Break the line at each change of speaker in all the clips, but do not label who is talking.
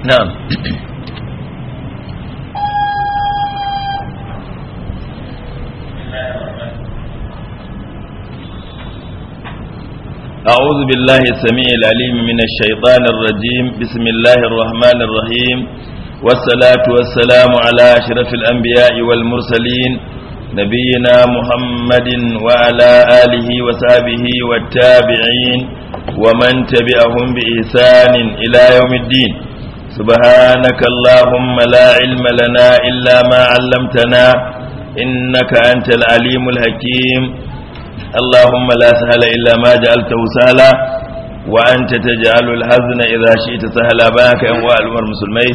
نعم
أعوذ بالله السميع العليم من الشيطان الرجيم بسم الله الرحمن الرحيم والصلاة والسلام على أشرف الأنبياء والمرسلين نبينا محمد وعلى آله وصحبه والتابعين ومن تبعهم بإحسان إلى يوم الدين سبحانك اللهم لا علم لنا إلا ما علمتنا إنك أنت العليم الحكيم اللهم لا سهل إلا ما جعلته سهلا وأنت تجعل الحزن إذا شئت سهلا باك أموال المسلمين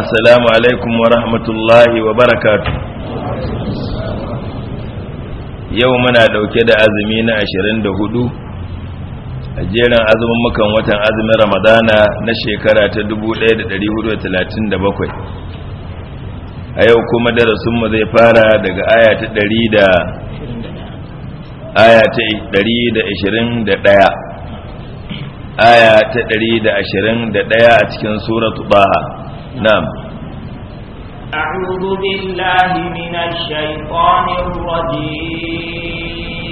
السلام عليكم ورحمة الله وبركاته يومنا لو كده أزمين عشرين دهدو a jerin azumin mukan watan azumin ramadana na shekara ta 1437 a yau kuma darasinmu zai fara daga aya ta 100 aya ta 121 aya ta 121 a cikin suratu baha na'am
أعوذ بالله من الشيطان الرجيم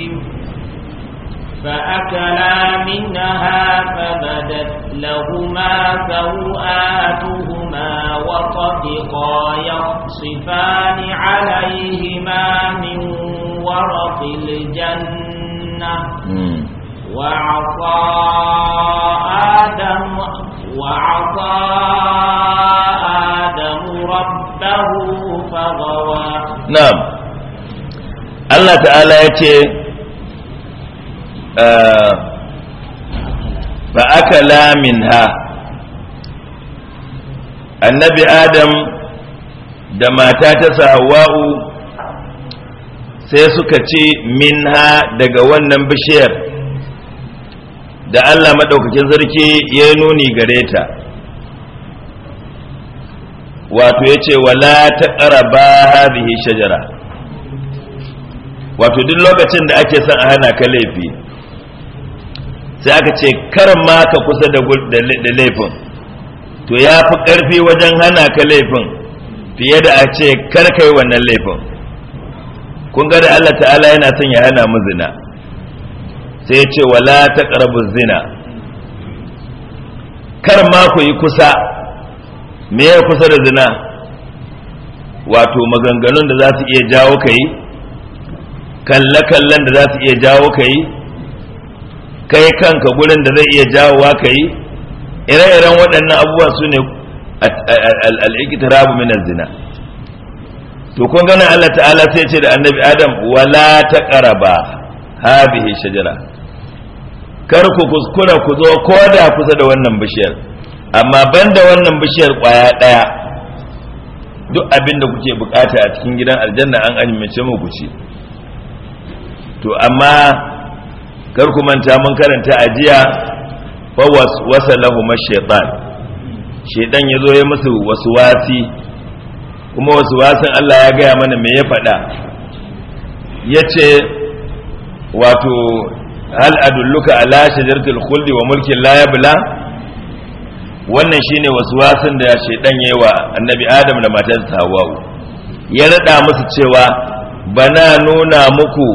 فأكلا منها فبدت لهما فوآتهما وطفقا يقصفان عليهما من ورق الجنة وعصى آدم وعصى آدم ربه فغوى
نعم الله تعالى يتيه Ba aka lamin ha? annabi adam da mata ta sahawa'u sai suka ce ha daga wannan bishiyar da Allah maɗaukakin sarki ya nuni gare ta wato ya ce wala ta ƙaraba hadhihi shajara wato duk lokacin da ake son a hana ka laifi sai aka ce kar ma ka kusa da laifin to ya fi ƙarfi wajen hana ka laifin fiye da a ce kar kai wannan laifin kun ga da Allah ta'ala yana son ya hana mu zina sai ya ce wala ta zina kar ma ku yi kusa me ya kusa da zina wato maganganun da za su iya jawo ka yi kalle-kallen da za su iya jawo ka yi kai kanka gurin da zai iya jawowa ka yi ire-iren waɗannan abubuwa su ne al'ikitirabu minar zina to kun gana Allah ta'ala sai ce da annabi adam wala ta ƙaraba habihi shajara kar ku kuskura ku zo ko da kusa da wannan bishiyar amma ban da wannan bishiyar ƙwaya ɗaya duk abin da kuke bukata a cikin gidan aljanna an amince mu ku ci to amma kar ku manta mun karanta ajiya fa waswasa lahum ash-shaytan shaytan yazo ya musu waswasi kuma waswasin Allah ya gaya mana me ya faɗa yace wato hal adulluka ala shajaratil khuldi wa mulkin la yabla wannan shine wasan da shaytan yayi wa annabi Adam da matarsa Hawwa ya rada musu cewa bana nuna muku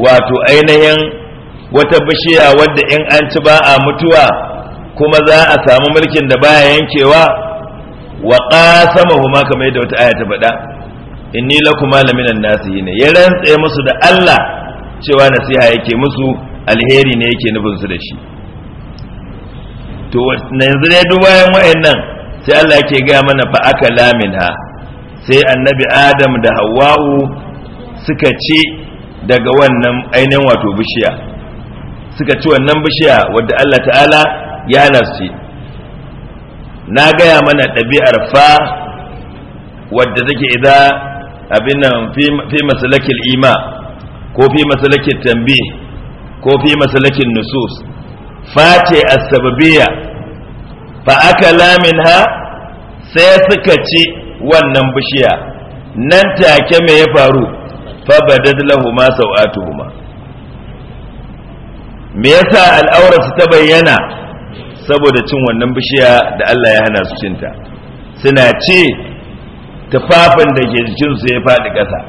wato ainihin wata bishiya wadda in an ci ba a mutuwa kuma za a samu mulkin da baya yankewa wa huma kamar yadda wata aya ta faɗa inni lakum laminan nasihin ya rantsa musu da Allah cewa nasiha yake musu alheri ne yake nufin su da shi to yanzu ne duk bayan wayannan sai Allah yake ga mana fa aka laminha sai annabi Adam da Hawwa'u suka ce daga wannan ainihin wato bishiya suka ci wannan bishiya wadda Allah ta'ala ya hana su na gaya mana ɗabi'ar fa wadda take idan abin nan fi masalakin ima ko fi masalakin tambi ko fi masalakin nusus fa ce asbabiyya fa aka lamin ha, sai suka ci wannan bishiya nan take me ya faru fa badad ma sau'atuhuma me yasa su ta bayyana saboda cin wannan bishiya da Allah ya hana su cinta suna ce tufafin da ke jikinsu ya faɗi ƙasa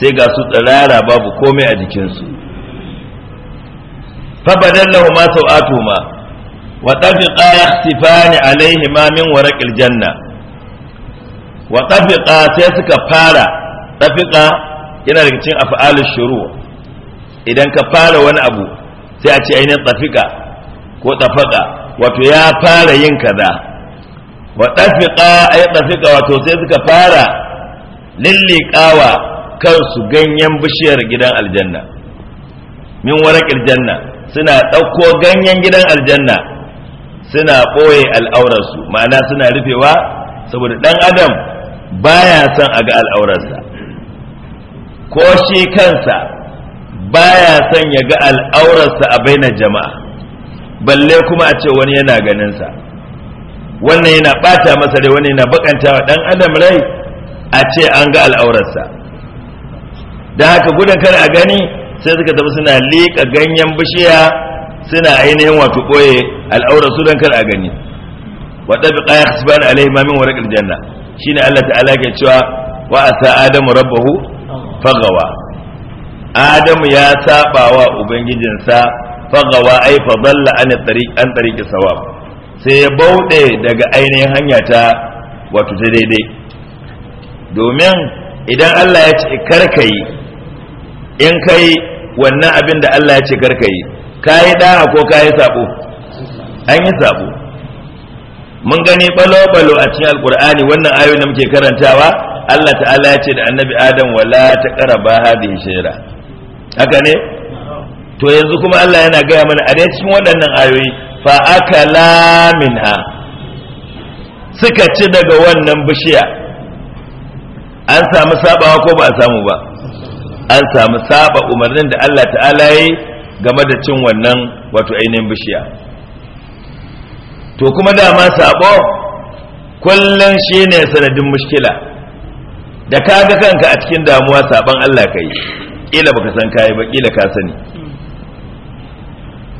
sai ga su tsirara babu komai a jikinsu fabadan lahu ma sau'atu ma wa tafiqa yahtifani alaihi ma min waraqil janna wa tafiqa sai suka fara tafiqa yana daga cikin af'alus shuru' idan ka fara wani abu sai a ce ainihin tsafika ko tsafaka wato ya fara yin kaza wa tsafika ai tsafika wato sai suka fara lillikawa kansu ganyen bishiyar gidan aljanna min warakil janna suna ɗauko ganyen gidan aljanna suna ɓoye al'aurarsu ma'ana suna rufewa saboda ɗan adam baya son a ga al'aurarsa ko shi kansa baya son ya ga al'aurarsa a bainar jama'a balle kuma a ce wani yana ganinsa wannan yana ɓata masa rai wani yana bakanta wa dan adam rai a ce an ga al'aurarsa da haka gudun kar a gani sai suka tafi suna liƙa ganyen bishiya suna ainihin wato ɓoye su don kar a gani wata bi ƙaya hasban alaihi mamin warakar janna shine Allah ta'ala ke cewa wa asa adamu rabbahu fagawa adamu ya saba wa ubangijinsa fagawa ai fa an tariq an tariqi sawab sai ya bauɗe daga ainihin hanya ta wato ta daidai domin idan Allah ya ce karkai in kai wannan abin da Allah ya ce karkai yi da'a ko yi sabo an yi sabo mun gani balo-balo a cikin alkur'ani wannan ayoyin da muke karantawa Allah ta'ala ya ce da annabi Adam wala ta karaba hadhihi shayra haka ne to yanzu kuma Allah yana gaya mana a dai cikin waɗannan ayoyi fa akala minha suka ci daga wannan bishiya an samu sabawa ko ba a samu ba an samu saba umarnin da Allah ta'ala yi game da cin wannan wato ainihin bishiya to kuma dama sabo kullum shine sanadin mushkila da kaga kanka a cikin damuwa saban Allah kai kila baka san kayi ba kila ka sani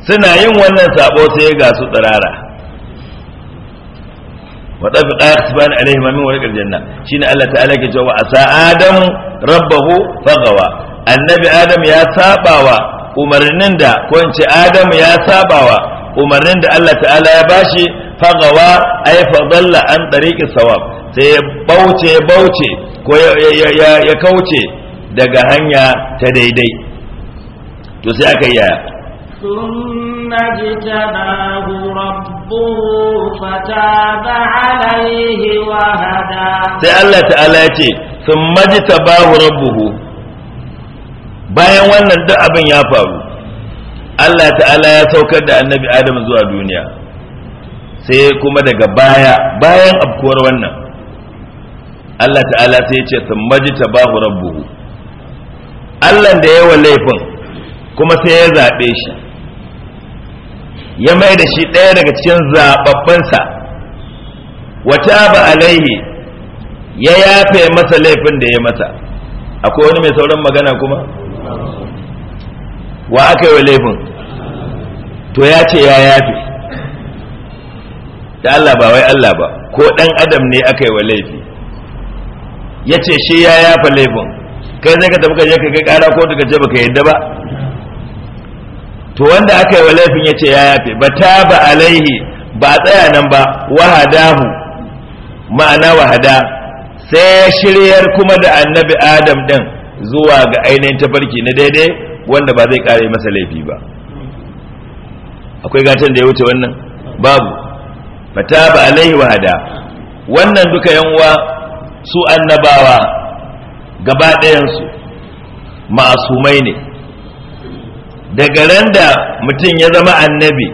suna yin wannan sabo sai ga su tsirara wa dafi daya tiban alaihi mamin wa rikar janna shine Allah ta'ala ke cewa asa adam rabbahu fagawa annabi adam ya sabawa umarnin da ko in ce adam ya sabawa umarnin da Allah ta'ala ya bashi fagawa ay fadalla an tariqi sawab sai ya bauce bauce ko ya kauce daga hanya ta daidai to sai aka yi yaya
ثم اجتباه ربه فتاب عليه وهدى sai Allah
ta'ala ya ce ثم اجتباه ربه bayan wannan duk abin ya faru Allah ta'ala ya saukar da annabi Adam zuwa duniya sai kuma daga baya bayan abkuwar wannan Allah ta'ala sai ya ce sun maji tabahu rabbuhu Allah da ya yawa laifin kuma sai ya zaɓe shi ya mai da shi ɗaya daga cikin zaɓaɓɓansa wata ba alaihi ya yafe masa laifin da ya masa akwai wani mai sauran magana kuma wa aka yi wa laifin to ya ce ya yafe da Allah ba wai Allah ba ko ɗan adam ne aka yi wa laifi ya ce shi ya yafa laifin kai zai ka tafi ka je ka kai kara ko ka ce baka yadda ba to wanda aka yi wa laifin ya ce ya yafe ba ta ba alaihi ba tsaya nan ba wahadahu ma'ana wahada sai shiryar kuma da annabi adam din zuwa ga ainihin tafarki na daidai wanda ba zai kare masa laifi ba akwai gatan da ya wuce wannan babu ta ba alaihi wahada wannan duka uwa su annabawa gaba ɗayansu ma'asumai ne daga ran da mutum ya zama annabi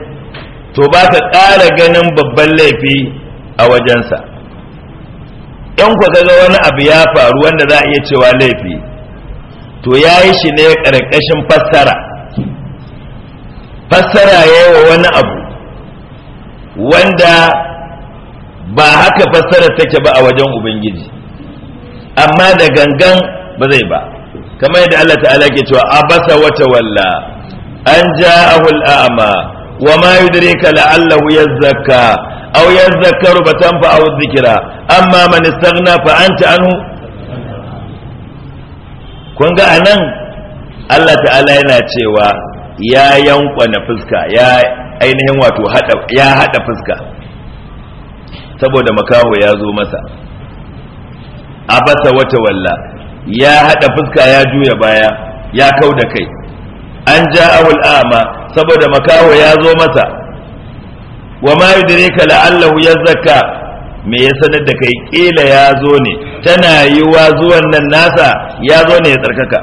to ba ka ƙara ganin babban laifi a wajensa yan ku ga wani abu ya faru wanda za a iya cewa laifi to ya yi shi ne ƙarƙashin fassara fassara ya yi wa wani abu wanda ba haka fassara take ba a wajen ubangiji amma da gangan ba zai ba kamar yadda Allah ta'ala ke cewa abasa wa tawalla an ja'ahu al'ama wa ma yudrika la'allahu yazzakka aw yazzakkaru aw dhikra amma man istaghna fa anta anhu kun ga anan Allah ta'ala yana cewa ya yankwana fuska ya ainihin wato ya hada fuska saboda makaho ya zo masa abasa wata walla ya hada fuska ya juya baya ya kau da kai an ja awul ama saboda makaho ya zo masa wa ma yudrika la'allahu yazakka me ya sanar da kai kila ya zo ne tana yi wa zuwan nan nasa ya zo ne ya tsarkaka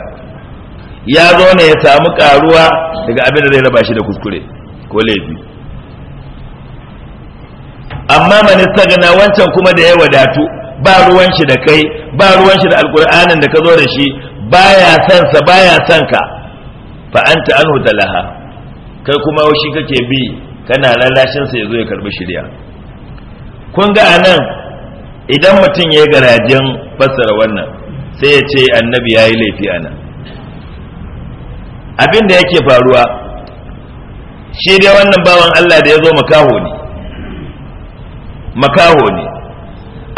ya zo ne ya samu karuwa daga abin da zai raba shi da kuskure ko laifi amma man istaghna wancan kuma da ya wadatu ba ruwan shi da kai ba ruwan shi da alkur'anin da ka zo da shi baya son sa baya son ka fa anta anhu talaha kai kuma shi kake bi kana lalashin sa yazo ya karbi shirya kun ga anan idan mutum ya garajin fassara wannan sai ya ce annabi ya yi laifi anan abin da yake faruwa shi dai wannan bawan Allah da ya zo makaho ne makaho ne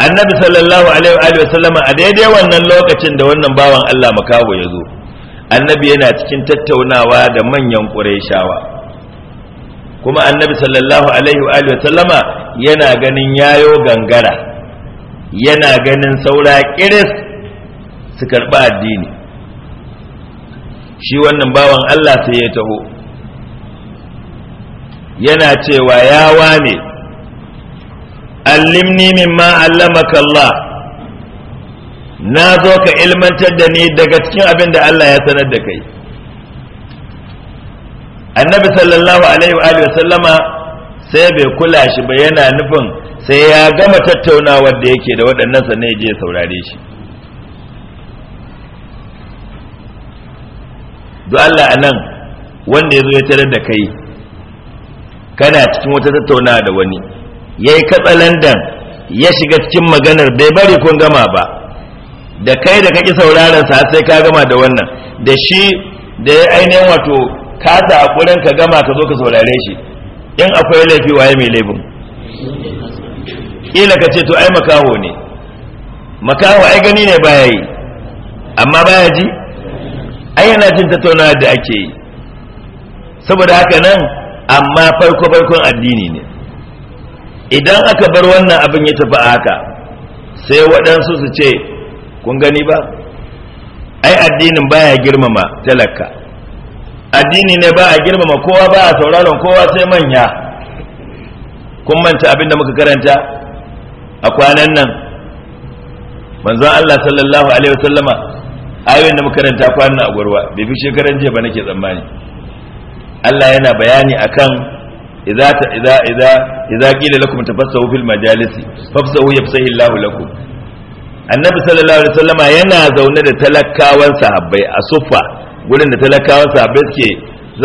annabi sallallahu alaihi wa sallama a daidai wannan lokacin da wannan bawan Allah makaho ya zo annabi yana cikin tattaunawa da manyan ƙurayshawa kuma annabi sallallahu alaihi wa sallama yana ganin yayo gangara yana ganin saura kiris su karɓi addini shi wannan bawan Allah sai ya taho yana cewa ya wane allimni mimma allamaka Allah na zo ka ilmantar da ni daga cikin abin da Allah ya sanar da kai annabi sallallahu alaihi wa sallama sai bai kula shi ba yana nufin sai ya gama tattaunawa da yake da waɗannan sanai ya je saurare shi duk Allah a nan wanda ya zo ya tarar da kai kana cikin wata tattaunawa da wani ya yi katsalandan ya shiga cikin maganar bai bari kun gama ba da kai da kaki sauraron sa sai ka gama da wannan da shi da ya ainihin wato kasa a kurin ka gama ka zo ka saurare shi in akwai laifi waye mai laifin Ƙila ka ce to ai makaho ne makaho ai gani ne ba yi amma baya ji ai yana jin tattaunawa da ake yi saboda haka nan amma farko farkon addini ne idan aka bar wannan abin ya tafi a haka sai waɗansu su ce kun gani ba ai addinin baya girmama talaka addini ne ba a girmama kowa ba a sauraron kowa sai manya kun manta abin da muka karanta a kwanan nan manzon Allah sallallahu alaihi wasallama ayoyin da muka karanta kwanan a gurwa bai fi shekaran jiya ba nake tsammani Allah yana bayani akan idza idza idza idza qila lakum tafassahu fil majalisi fafsahu yafsahu Allahu lakum annabi sallallahu alaihi wasallama yana zaune da talakawan sahabbai a sufa gurin da talakawan sahabbai suke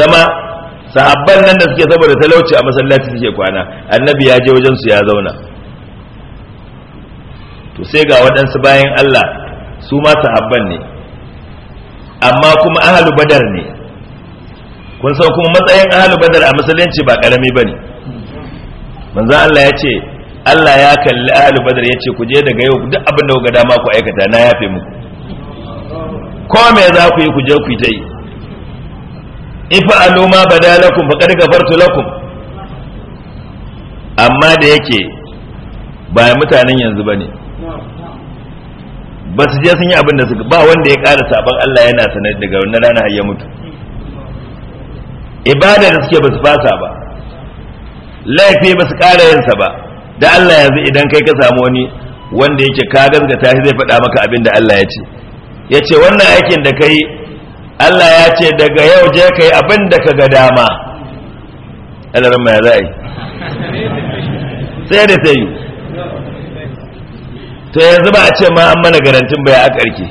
zama sahabban nan da suke saboda talauci a masallaci suke kwana annabi ya je wajen su ya zauna to sai ga waɗansu bayan Allah su ma sahabban ne amma kuma ahalu badar ne kun san kuma matsayin ahalu badar a musulunci ba karami ne. manzo Allah ya ce Allah ya kalli ahalu badar ya ce ku je daga yau duk abin da kuka dama ku aikata na yafe muku ko me za ku yi ku je ku yi ta yi ifa aluma badalakum faqad gafartu lakum amma da yake ba mutanen yanzu bane ba su je sun yi abin da suka ba wanda ya ƙara sabon Allah yana sanar daga wannan rana har ya mutu ibada da suke basu fasa ba laifi basu ƙara yinsa ba da Allah yanzu idan kai ka samu wani wanda yake ka gaskata shi zai faɗa maka abin da Allah ya ce ya ce wannan aikin da kai Allah ya ce daga yau je ka yi abin da ka ga dama alarin mai za'a sai da sai to yanzu ba a ce ma an mana garantin bai a ƙarki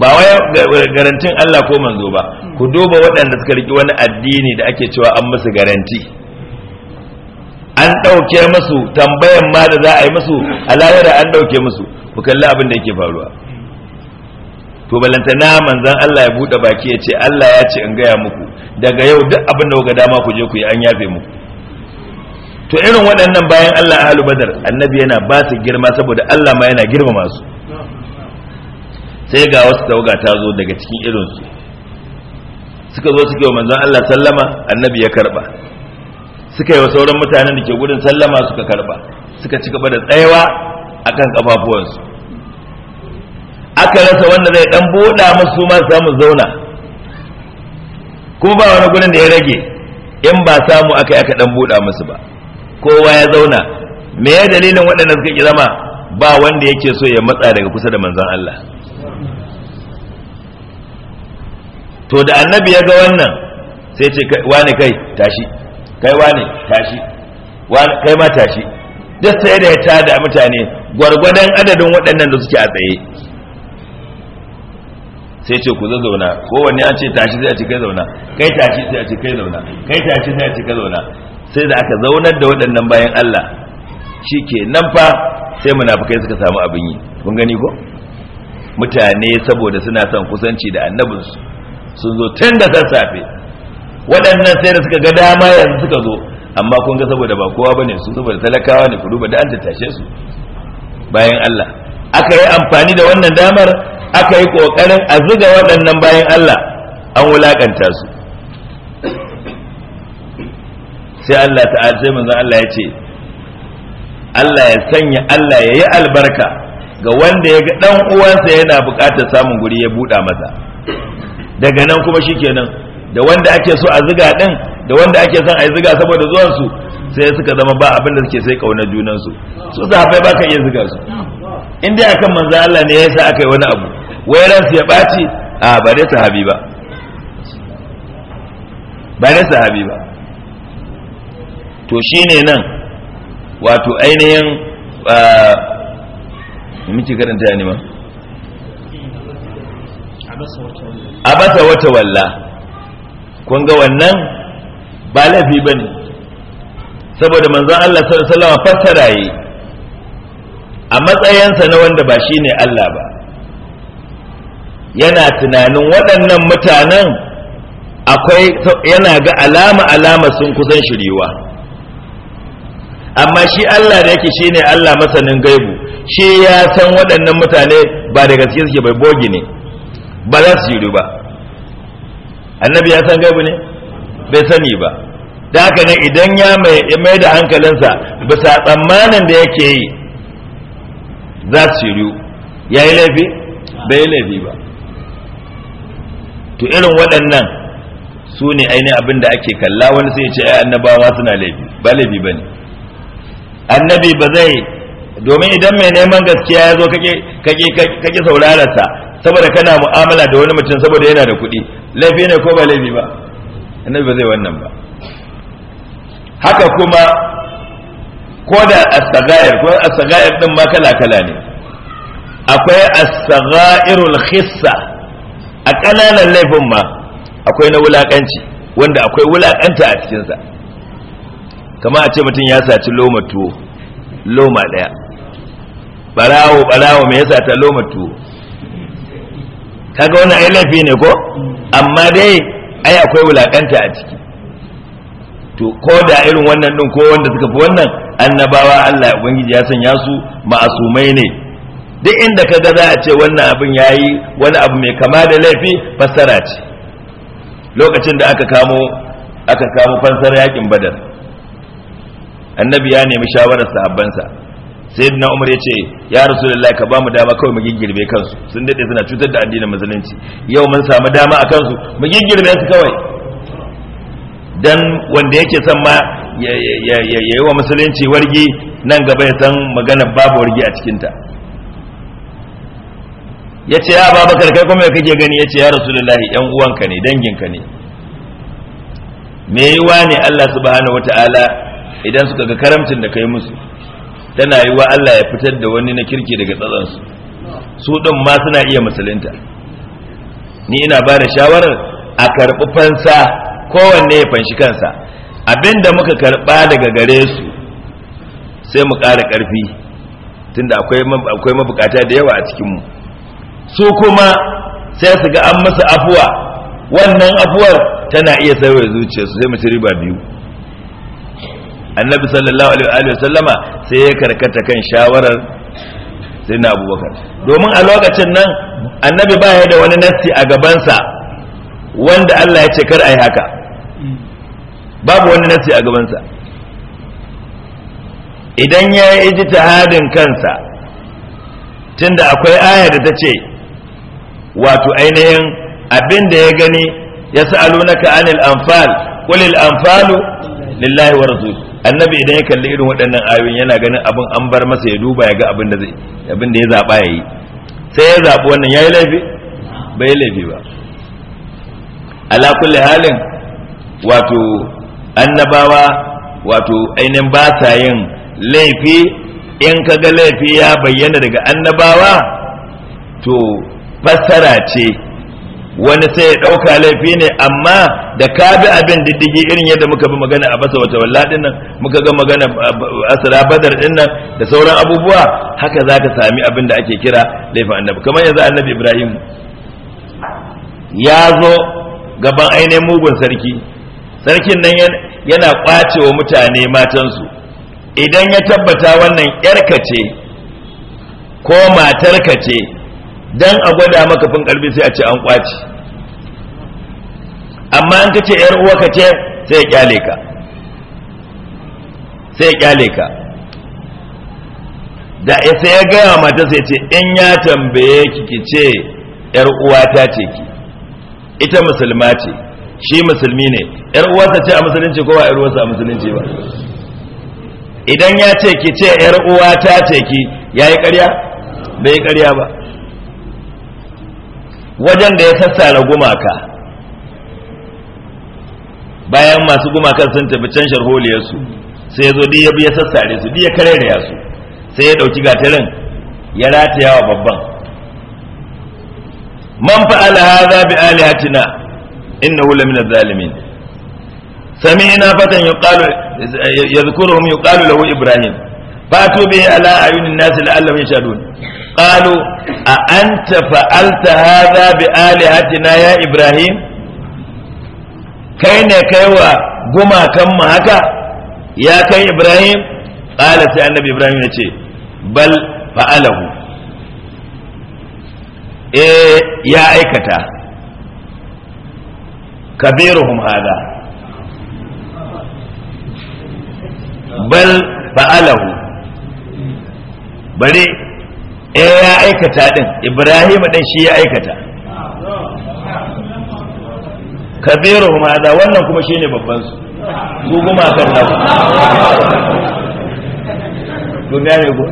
ba wai garantin Allah ko manzo ba ku duba waɗanda suka riki wani addini da ake cewa an musu garanti an ɗauke musu tambayan ma da za a yi musu a an ɗauke musu ku kalli abin da yake faruwa to na manzan Allah ya buɗe baki ya ce Allah ya ce in gaya muku daga yau duk abin da kuka dama ku je ku yi an yafe muku to irin waɗannan bayan Allah ahlul badar annabi yana ba su girma saboda Allah ma yana girma su sai ga wasu tawaga ta zo daga cikin irinsu suka zo suke wa manzon Allah sallama annabi ya karba suka yi wa sauran mutanen da ke gudun sallama suka karba suka ci gaba da tsayawa kan kafafuwansu aka rasa wanda zai ɗan buɗa musu ma samu zauna kuma ba wani gurin da ya rage in ba samu aka aka dan buɗa musu ba kowa ya zauna me ya dalilin waɗanda suka ki zama ba wanda yake so ya matsa daga kusa da manzon Allah to da annabi ya ga wannan sai ce wani kai tashi kai wani tashi kai ma tashi duk sai da ya tada mutane gwargwadon adadin waɗannan da suke a tsaye sai ce ku zauna kowanne an ce tashi sai a ce kai zauna kai tashi sai a ce kai zauna kai tashi sai a ce kai zauna sai da aka zaunar da waɗannan bayan Allah shi ke nan fa sai munafukai suka samu abin yi kun gani ko mutane saboda suna son kusanci da annabinsu sun zo tun da sassafe waɗannan sai da suka ga dama yanzu suka zo amma kun ga saboda ba kowa bane su saboda talakawa ne ku duba da an tattashe su bayan Allah aka yi amfani da wannan damar aka yi kokarin a zuga waɗannan bayan Allah an wulakanta su sai Allah ta sai manzon Allah ya ce Allah ya sanya Allah ya yi albarka ga wanda ya ga dan uwansa yana buƙatar samun guri ya buɗa masa daga nan kuma shi kenan da wanda ake so a ziga din da wanda ake son a ziga saboda zuwan su sai suka zama ba abin da suke sai kauna junan su su sahabbai ba ka iya ziga su in dai akan manzo Allah ne yasa aka yi wani abu wai ran ya baci a ba dai sahabi ba ba dai sahabi ba to shine nan wato ainihin miki karanta ne ma A bata wata walla kun ga wannan ba laifi ba ne saboda manzon Allah sallallahu alaihi fassara yi a matsayinsa na wanda ba shine Allah ba yana tunanin waɗannan mutanen akwai yana ga alama alama sun kusan shiriwa amma shi Allah da yake shine Allah masanin gaibu shi ya san waɗannan mutane ba da gaske suke bai bogi ne ba za su shiryu ba annabi ya san gaibu ne bai sani ba da haka ne idan ya mai da hankalinsa bisa tsammanin da yake yi za su shiryu ya yi laifi bai yi laifi ba to irin waɗannan su ne ainihin abin da ake kalla wani sai ce ya annabawa suna laifi ba laifi ba ne annabi ba zai domin idan mai neman gaskiya ya zo kake saurararsa saboda kana mu'amala da wani mutum saboda yana da kuɗi laifi ne ko ba laifi ba annabi ba zai wannan ba haka kuma ko da as-sagair ko as-sagair din ma kala kala ne akwai as-sagairul khissa a kananan laifin ma akwai na wulakanci wanda akwai wulakanta a cikin sa kamar a ce mutum ya saci loma tuwo loma daya
barawo barawo
me yasa ta loma tuwo kaga wannan ai laifi ne ko amma dai ai akwai wulakanta a ciki to ko da irin wannan din ko wanda suka fi wannan annabawa Allah ubangiji ya sanya su ma'asumai ne duk inda kaga za a ce wannan abin yayi wani abu mai kama da laifi fassara ce lokacin da aka kamo aka kamo fansar yakin badar annabi ya nemi shawarar sahabbansa sayyidina umar ya ce ya rasulullahi ka ba mu dama kawai mu giggirbe kansu sun dade suna cutar da addinin musulunci yau mun samu dama a kansu mu su kawai dan wanda yake son ma ya yi wa musulunci wargi nan gaba ya san magana babu wargi a cikinta ya ce ya bakar kai kuma kake gani ya ce ya rasulullahi yan uwanka ne danginka ne me yiwa ne Allah subhanahu ta'ala idan suka ga karamcin da ka yi musu tana yi wa Allah ya fitar da wani na kirki daga tsatsansu su ɗin ma suna iya musulunta ni ina ba da shawarar a karɓi fansa kowanne ya fanshi kansa abinda muka karɓa daga gare su sai mu ƙara ƙarfi tunda akwai mabukata da yawa a cikinmu su kuma sai su ga an masa afuwa wannan afuwar tana iya sauya zuciyarsu sai mu ci riba biyu annabi sallallahu alaihi wa sallama sai ya karkata kan shawarar sai na abubakar domin a lokacin nan annabi ba ya da wani nasti a gabansa wanda Allah ya ce kar a yi haka babu wani nasti a gabansa idan ya yi hadin kansa tunda akwai aya da ta ce wato ainihin abin da ya gani ya sa'alunaka anil anfal qulil anfalu lillahi wa rasul annabi idan ya kalli irin waɗannan ayoyin yana ganin abin an bar masa ya duba ya ga abin da zai abin da ya zaba yayi sai ya zabi wannan yayi laifi bai laifi ba ala kulli halin wato annabawa wato ainihin ba sa yin laifi in ka ga laifi ya bayyana daga annabawa to fassara ce wani sai ya ɗauka laifi ne amma da ka bi abin diddigi irin yadda muka bi magana a basa wata walla din nan muka ga magana asira badar din nan da sauran abubuwa haka za ka sami abin da ake kira laifin annabi kamar yanzu annabi ibrahim ya zo gaban ainihin mugun sarki sarkin nan yana ƙwace wa mutane matansu idan ya tabbata wannan yarkace ce ko matarka ce dan a gwada maka fin karfi sai a ce an kwaci amma an kace yar uwa ka ce sai ya kyale ka sai ya kyale ka da sai ya gaya mata sai ce in ya tambaye ki ki ce yar uwa ta ce ki ita musulma ce shi musulmi ne yar ta ce a musulunci ko ba yar uwarsa a musulunci ba idan ya ce ki ce yar uwa ta ce ki yayi ƙarya bai ƙarya ba wajen da ya sassara gumaka bayan masu gumakan sun tafi can sharholiyarsu sai ya zo ya biya ya sassare su ya da yasu sai ya ɗauki gatarin ya rataya wa babban man fa'ala hadha bi alihatina innahu lamin zalimin sami'na fatan yuqalu yadhkuruhum yuqalu lahu ibrahim fatu bi ala ayunin nas la'allahum yashadun qalu a anta fa'alta hadha bi alihatina ya ibrahim kai ne kai wa gumakan mu haka ya kai ibrahim qala sai annabi ibrahim ya ce bal fa'alahu eh ya aikata kabiruhum hada bal fa'alahu bari eh ya aikata din ibrahim din shi ya aikata kabiru ma da wannan kuma shine babban su su kuma kan ku. Ku gane ko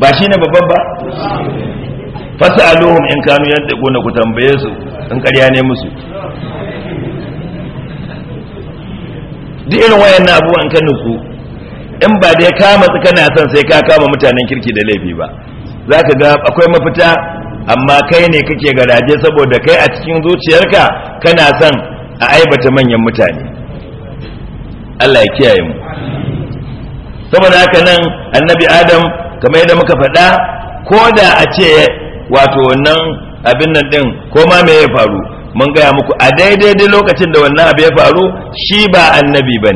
ba shine babban ba fasaluhum in kanu yadda gona ku tambaye su in ƙarya ne musu duk irin wayannan abubuwan kan nutsu in ba da ya kama matsu kana son sai ka kama mutanen kirki da laifi ba za ka ga akwai mafita amma kai ne kake garaje saboda kai a cikin zuciyarka kana son a aibata manyan mutane Allah ya kiyaye mu saboda haka nan annabi adam kamar yadda muka faɗa ko da a ce wato wannan abin nan ɗin ko ma me ya faru mun gaya muku a daidai lokacin da wannan abu ya faru shi ba annabi ba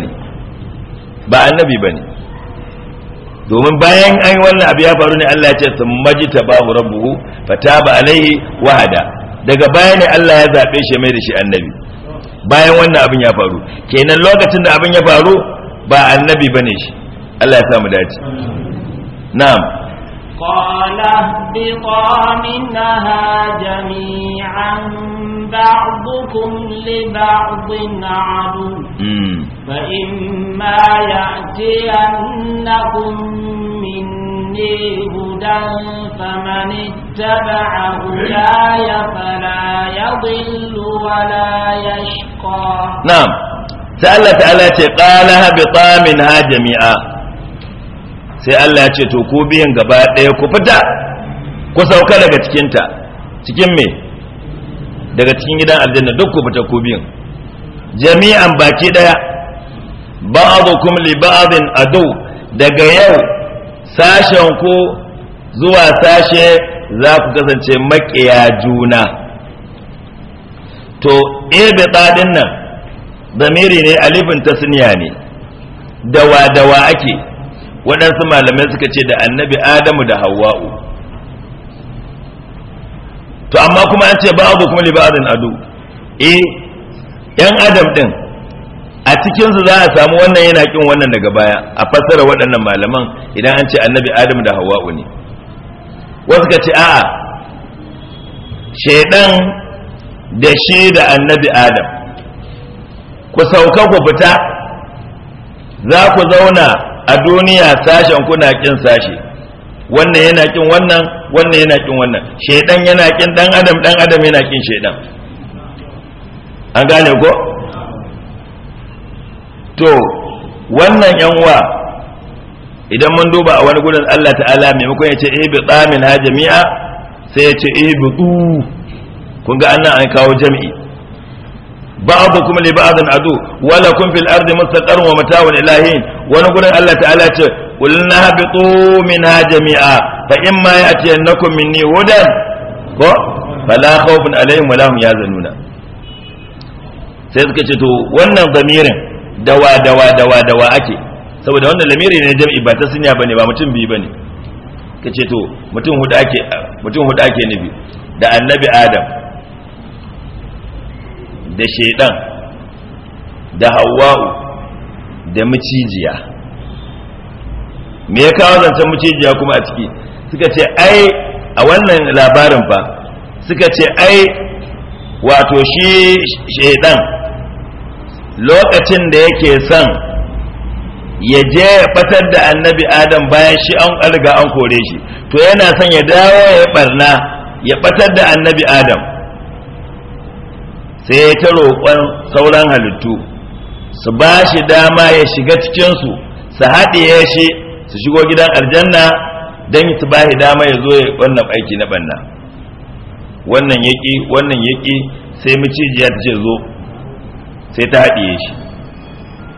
ba annabi ba ne domin bayan an yi wannan abu ya faru ne Allah ya ce sun maji tabahu rabbuhu ba alaihi wahada daga baya ne Allah ya zabe shi mai da shi annabi bayan wannan abin ya faru kenan lokacin da abin ya faru ba annabi bane shi Allah ya sa mu dace na'am
قال اهبطا منها جميعا بعضكم لبعض عدو فإما يأتينكم مني هدى فمن اتبع هداي فلا يضل ولا يشقى
نعم سألت على قال اهبطا منها جميعا sai Allah ya ce to ku biyan gaba ɗaya ku fita ku sauka daga cikinta cikin me daga cikin gidan aljanna duk ku fita ku biyan jami'an baki ɗaya ba'dukum li ba'din adu daga yau sashen ku zuwa sashe za ku kasance maƙiya juna to ebe ɗaɗin nan zamiri ne alifin tasniya ne dawa dawa ake waɗansu malamai suka ce da annabi adamu da hawa'u to amma kuma an ce babu kuma li ba'din adu e yan adam ɗin a cikinsu su za a samu wannan yana kin wannan daga baya a fassara waɗannan malaman idan an ce annabi adamu da hawa'u ne wasu ka ce a'a shaidan da shi da annabi adam ku sauka ku fita za ku zauna a duniya sashen kuna kin sashe wannan yana kin wannan wannan yana kin wannan shedan yana kin dan adam dan adam yana kin shedan an gane ko to wannan 'yan wa idan mun duba a wani gudun Allah ta'ala maimakon ya ce eh, bi tsamin ha jami'a sai ya ce ibi eh, kun ga annan an kawo jami'i ba'dukum li ba'din adu wa lakum fil ardi mustaqarrun wa mata'un ilahin wani gurin Allah ta'ala ce qul nahbitu minha jami'a fa imma ya'tiyannakum minni hudan ko fala khawfun alaihim wa lahum yazanuna sai suka ce to wannan zamirin dawa dawa dawa dawa ake saboda wannan lamiri ne jami'i ba ta sunya bane ba mutum biyu bane kace to mutum hudu ake mutum hudu ake nabi da annabi adam da shaidan da hawa'u da macijiya me ya kawo zancen macijiya kuma a ciki suka ce ai a wannan labarin ba suka ce ai wato shi shaidan lokacin da yake son ya je ya fatar da annabi adam bayan shi an ƙarga an kore shi to yana son ya dawo ya barna ya fatar da annabi adam sai ta roƙon sauran halittu su ba shi dama ya shiga cikinsu su haɗiye shi su shigo gidan aljanna don su ba shi dama ya zo ya wannan aiki na banna wannan yaƙi wannan yaƙi sai macijiya ta ce zo sai ta haɗiye shi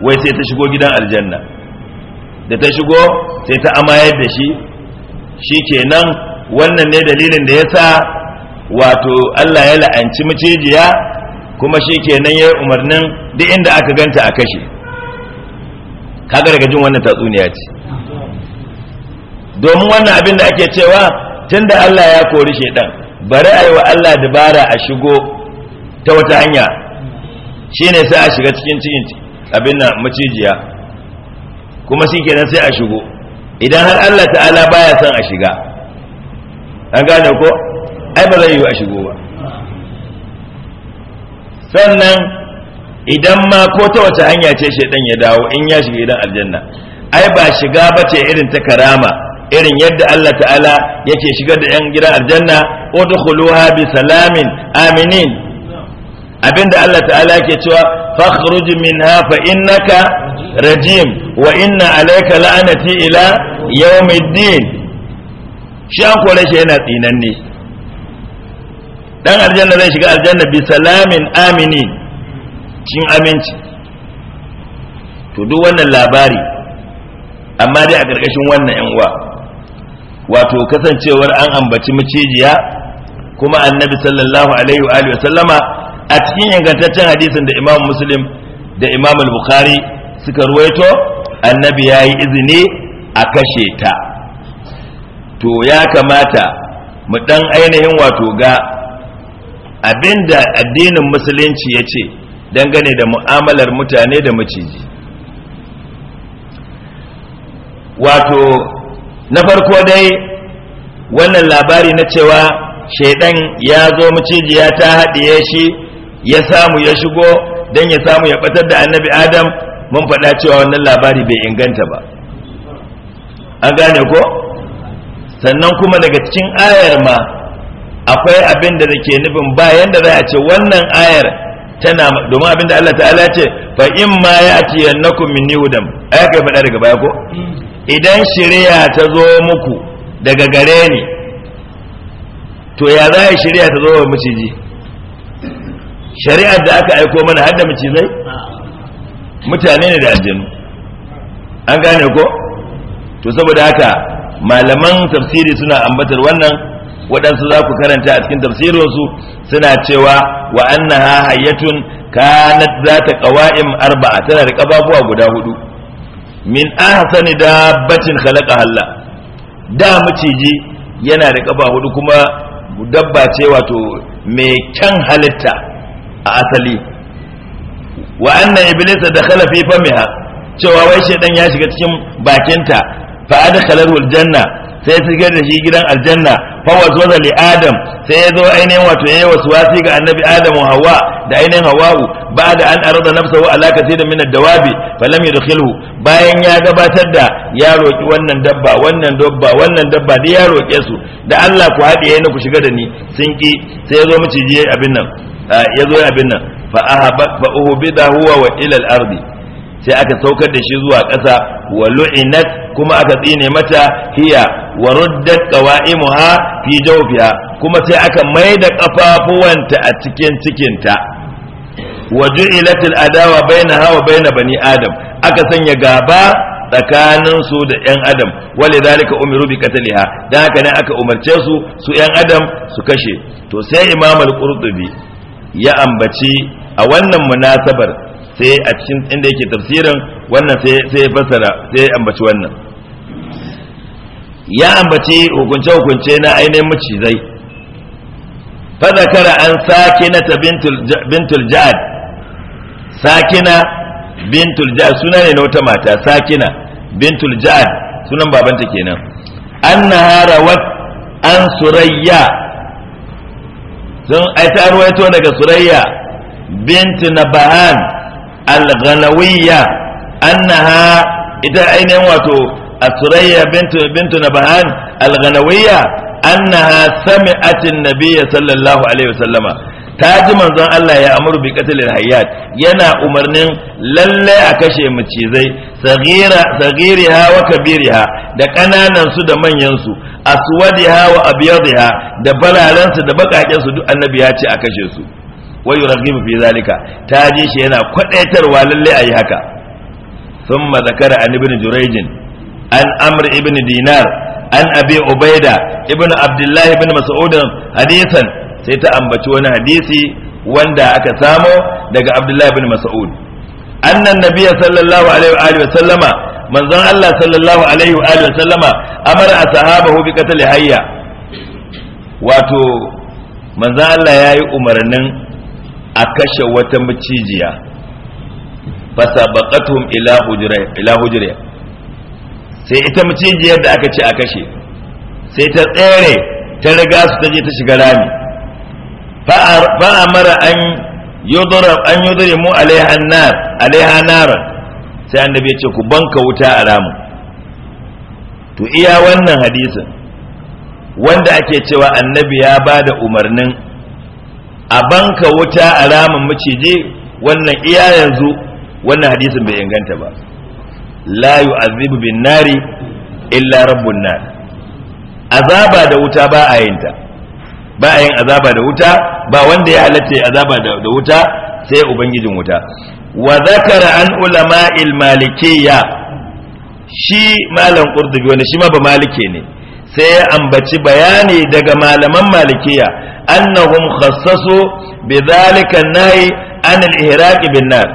wai sai ta shigo gidan aljanna da ta shigo sai ta amayar da shi shi kenan wannan ne dalilin da ya sa wato Allah ya la'anci macijiya kuma shi ke nan ya umarnin duk inda aka ganta a kashe kaga daga jin wannan tatsuniya ce domin wannan abin da ake cewa tun da Allah ya kori shaidan bari a yi wa Allah dabara a shigo ta wata hanya shine sai a shiga cikin cikin abin na macijiya kuma shi ke nan sai a shigo idan har Allah ta'ala baya son a shiga an gane ko ai ba zai yi a shigo ba sannan idan ma ko ta wace hanya ce shaidan ya dawo in ya shiga gidan aljanna ai ba shiga ba ce irin ta karama irin yadda Allah ta'ala yake shigar da yan gidan aljanna udkhuluha bi salamin aminin abinda Allah ta'ala yake cewa fakhruj minha fa innaka rajim wa inna alayka la'anati ila yawmiddin shi an kore shi yana tsinanne dan aljanna zai shiga aljanna bi salamin amini cin aminci to duk wannan labari amma dai a ƙarƙashin wannan yan uwa wato kasancewar an ambaci macijiya kuma annabi sallallahu alaihi wa alihi sallama a cikin ingantaccen hadisin da imam muslim da imam bukhari suka ruwaito annabi ya yi izini a kashe ta to ya kamata mu ɗan ainihin wato ga abinda addinin musulunci ya ce dangane da mu'amalar mutane da maciji wato na farko dai wannan labari na cewa shaidan ya zo maciji ya ta haɗiye shi ya samu ya shigo don ya samu ya ɓatar da annabi adam mun faɗa cewa wannan labari bai inganta ba an gane ko sannan kuma daga cikin ayar ma akwai abin da ke nufin ba yanda za a ce wannan ayar tana domin abin da Allah ta'ala ce fa in ma ya tiyannakum min yudam ai kai faɗa daga baya ko idan shari'a ta zo muku daga gare ni to ya za a shari'a ta zo wa maciji shari'ar da aka aiko mana har da macizai mutane ne da aljanu an gane ko to saboda haka malaman tafsiri suna ambatar wannan waɗansu za ku karanta a cikin tafsirinsu suna cewa wa annaha hayyatun kanat zata qawa'im arba'a tana da kababuwa guda hudu min ahsani dabbatin khalaqa halla da maciji yana da kaba hudu kuma dabba ce wato mai kyan halitta a asali wa anna iblisa dakhala fi famiha cewa wai shedan ya shiga cikin bakinta fa adkhalahu aljanna sai ya shigar da shi gidan aljanna fawaswasa li adam sai ya zo ainihin wato yayi waswasi ga annabi adam wa hawa da ainihin hawa'u ba'da an arada nafsahu ala kasirin min ad-dawabi falam yadkhilhu bayan ya gabatar da ya roki wannan dabba wannan dabba wannan dabba da ya roke su da Allah ku haɗiye ni ku shiga da ni sun ki sai ya zo miciji abin nan ya zo abin nan fa ahaba fa uhbida huwa wa ila al-ardi sai aka saukar da shi zuwa ƙasa wa lu'inat kuma aka tsine mata hiya wa ruddat qawa'imuha fi jawfiha kuma sai aka mai da kafafuwanta a cikin cikinta wa ju'ilat al-adawa bainaha wa baina bani adam aka sanya gaba tsakanin su da yan adam wale zalika umiru bi qatliha dan haka ne aka umarce su su yan adam su kashe to sai imam al-qurtubi ya ambaci a wannan munasabar sai a cikin inda yake tafsirin wannan sai ya fasara sai ya ambaci wannan ya ambaci hukunce-hukunce na ainihin macizai zakara an sakina bintul ja'ad sakina bintul ja'ad suna ne na wata mata sakina bintul ja'ad sunan babanta kenan annaha rawat an surayya sun ai ta ruwaito daga surayya bint nabahan al-ghanawiyya annaha ita ainihin wato asrayya bintu na Bahan al-ghanawiyya annaha sami'at an nabiya sallallahu alaihi wasallama ta ji manzon Allah ya amuru bi qatlil hayyat yana umarnin lalle a kashe macizai sagira wa kabiriha da kananan su da manyan su aswadiha wa abyadiha da balalan da bakakensu duk annabi ya ce a kashe su wa yurghibu fi zalika ta ji shi yana kwadaitarwa lalle ayi haka thumma zakara an ibn jurayj an amr ibn dinar an abi ubaida ibn abdullah ibn mas'ud hadisan sai ta ambaci wani hadisi wanda aka samo daga abdullah ibn mas'ud annan nabiyya sallallahu alaihi wa wa sallama manzon Allah sallallahu alaihi wa sallama amara ashabahu bi qatl hayya wato manzon Allah yayi umarnin a kashe wata macijiya fasabaqatuhum ila hujriya ila hujriya sai ita macijiyar da aka ce a kashe sai ta tsere ta riga su ta je ta shiga rami fa amara an yudra an mu alaiha nar alaiha nar sai annabi ya ce ku banka wuta a ramu to iya wannan hadisin wanda ake cewa annabi ya bada umarnin a banka wuta a ramin maciji wannan iya yanzu wannan hadisin bai inganta ba la yu'azzibu bin nari illa rabbun nar azaba da wuta ba a yin ta ba a yin azaba da wuta ba wanda ya halatta azaba da wuta sai ubangijin wuta wa zakara an ulama'il Malikiya shi malam qurtubi wani shi ma ba malike ne sai ya ambaci bayani daga malaman malikiya annahum khassasu bi zalika nahi an al-ihraq bin nar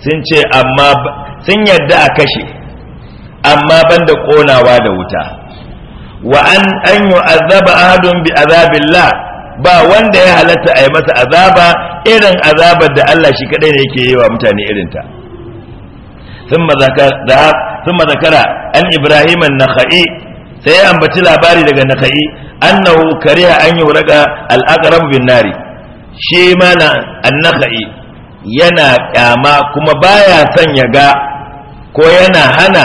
sun ce amma sun yadda a kashe amma banda konawa da wuta wa an an yu'azzaba ahadun bi azabillah ba wanda ya halatta a yi masa azaba irin azabar da Allah shi kadai ne yake yi wa mutane irinta ثم ذكر ثم ذكر عن ابراهيم النخعي sai ya ambaci labari daga naka'i annahu kariha an yi raga al'aqrab bin nari shi mana annaka'i yana kyama kuma baya son ya ga ko yana hana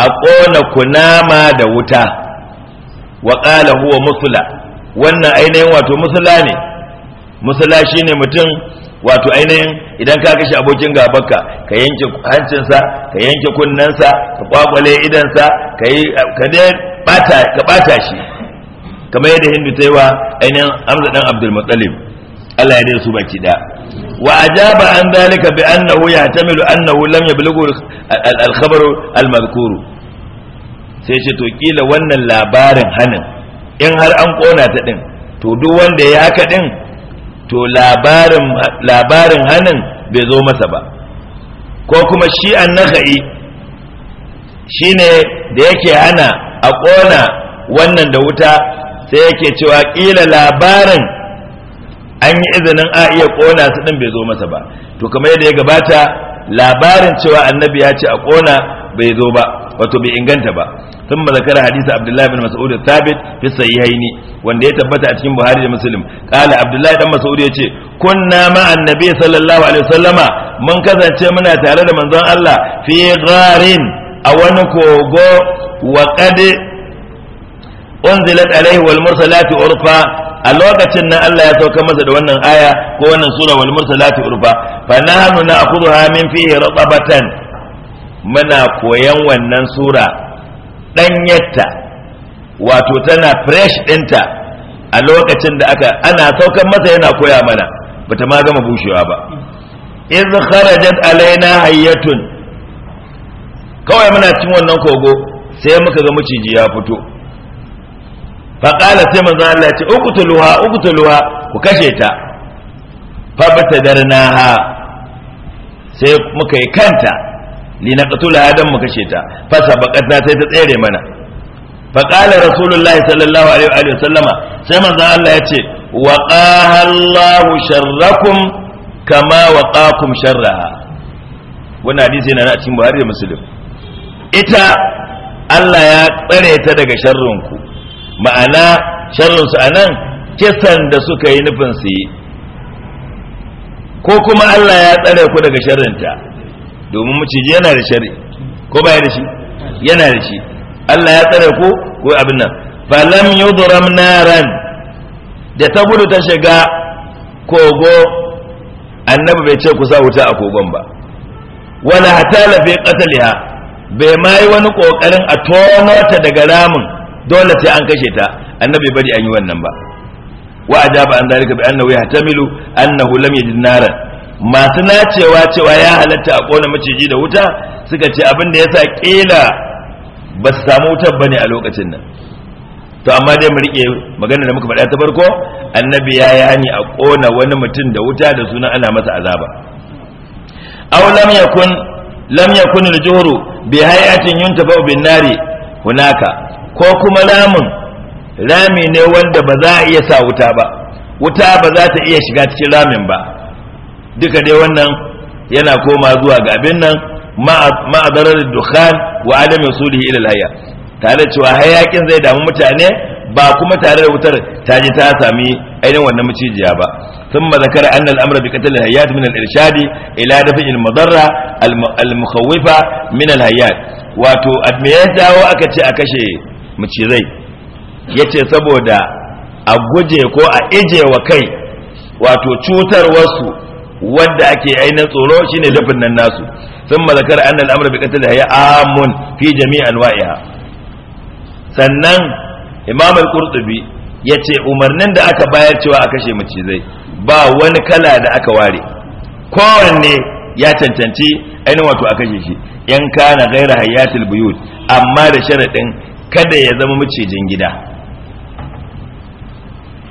a ƙona kunama da wuta wa ƙala huwa musula wannan ainihin wato musula ne musula shine mutum wato ainihin idan ka kashe abokin gabanka ka yanke hancinsa ka yanke kunnensa ka kwakwale idansa ka yi ka bata ka bata shi kamar yadda hindu ta yi wa ainihin hamza dan abdul muttalib Allah ya dai su baki da wa ajaba an dalika bi annahu yahtamilu annahu lam yablughu al-khabaru al-madhkuru sai ce to kila wannan labarin hanin in har an kona ta din to duk wanda ya haka din to labarin hannun bai zo masa ba ko kuma shi an naka'i shi ne da yake hana a ƙona wannan da wuta sai yake cewa ƙila labarin an yi izinin a iya ƙona su ɗin bai zo masa ba to kamar yadda ya gabata labarin cewa annabi ya ce a ƙona bai zo ba wato bai inganta ba ثم ذكر حديث عبد الله بن مسعود الثابت في الصحيحين wanda ya tabbata a cikin Buhari da Muslim kala Abdullahi dan Mas'ud ce. kunna ma annabi sallallahu alaihi wasallama mun kasance muna tare da manzon Allah fi gharin a wani kogo wa qad urfa a lokacin na Allah ya sauka masa da wannan aya ko wannan sura wal mursalati urfa na nahnu na'khudha min fihi tan. muna koyan wannan sura ɗanyarta wato tana fresh ɗinta a lokacin da aka ana saukan masa yana koya mana bata ma gama bushewa ba iz kharajat alaina hayyatun kawai muna cin wannan kogo sai muka ga maciji ya fito faƙala sai manzo Allah ya ce uqtuluha uqtuluha ku kashe ta fa batadarnaha sai muka yi kanta li naqtula adam mu kashe ta fa sabaqatna sai ta tsere mana fa qala rasulullah sallallahu alaihi wa sallama sai manzo Allah ya ce wa qaha Allah sharrakum kama waqakum sharra wannan hadisi yana a cikin Buhari da Muslim ita Allah ya tsare ta daga sharrin ku ma'ana sharrin su anan kisan da suka yi nufin su yi ko kuma Allah ya tsare ku daga sharrin ta. domin maciji yana da shari ko baya da shi yana da shi Allah ya tsare ko ko abin nan falam yudram naran da ta gudu ta shiga kogo annabi bai ce ku sa wuta a kogon ba wala hatala fi qataliha bai mai wani kokarin a tono ta daga ramin dole sai an kashe ta annabi bari an yi wannan ba wa ajaba an zalika bi annahu yahtamilu annahu lam yajid naran masu nacewa cewa ya halatta a kona maciji da wuta suka ce abin da ya sa kila ba su samu wutar ne a lokacin nan to amma dai mu rike magana da muka faɗa ta farko annabi ya yi hani a kona wani mutum da wuta da sunan ana masa azaba aw lam yakun lam yakun al-juhru bi hayatin yuntafa bin nari hunaka ko kuma lamun rami ne wanda ba za a iya sa wuta ba wuta ba za ta iya shiga cikin ramin ba duka dai wannan yana koma zuwa ga abin nan ma'adarar dukhan wa adam yasulihi ila alhaya tare cewa hayakin zai damu mutane ba kuma tare da wutar ta je ta sami ainihin wannan macijiya ba Sun ثم irshadi, ila الأمر بقتل الهيات من الإرشاد إلى Wato المضرة المخوفة dawo aka ce a kashe macizai? Ya ce saboda a guje ko a ije wa kai wato cutar wasu Wanda ake ainihin tsoro shine dafin nan nasu sun mazakar annal amra bi qatl hayya amun fi wa'i anwa'iha sannan imam al ya ce umarnin da aka bayar cewa a kashe macizai ba wani kala da aka ware kowanne ya cancanci ainihin wato a kashe shi yan kana gaira hayatul buyut amma da sharadin kada ya zama macijin gida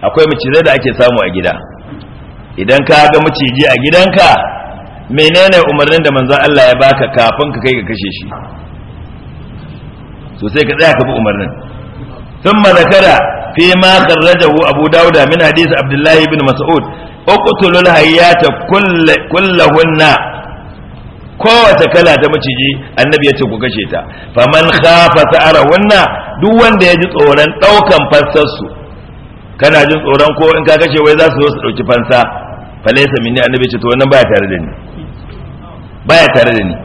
akwai macizai da ake samu a gida idan ka ga maciji a gidanka menene umarnin da manzon Allah ya baka kafin ka kai ga kashe shi so sai ka tsaya ka bi umarnin thumma zakara fi ma kharrajahu abu dawud min hadisi abdullahi ibn mas'ud uqtulul hayyata kullahunna kowace kala ta maciji annabi ya ce ku kashe ta faman khafa wanna duk wanda ya ji tsoron daukan fansarsu kana jin tsoron ko in ka kashe wai za su zo su dauki fansa falaisa minni annabi ce to wannan baya tare da ni baya tare da ni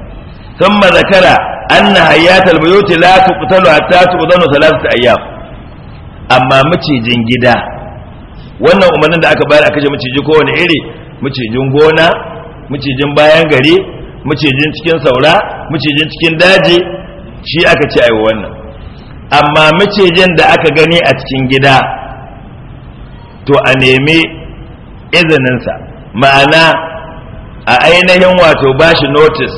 thumma zakara anna hayatal buyuti la tuqtalu hatta tuqdanu thalathata ayyam amma macijin gida wannan umarnin da aka bayar aka ce maciji kowane iri macijin gona macijin bayan gari macijin cikin saura macijin cikin daji shi aka ce ayi wannan amma macijin da aka gani a cikin gida to a nemi izininsa ma'ana a ainihin wato bashi notice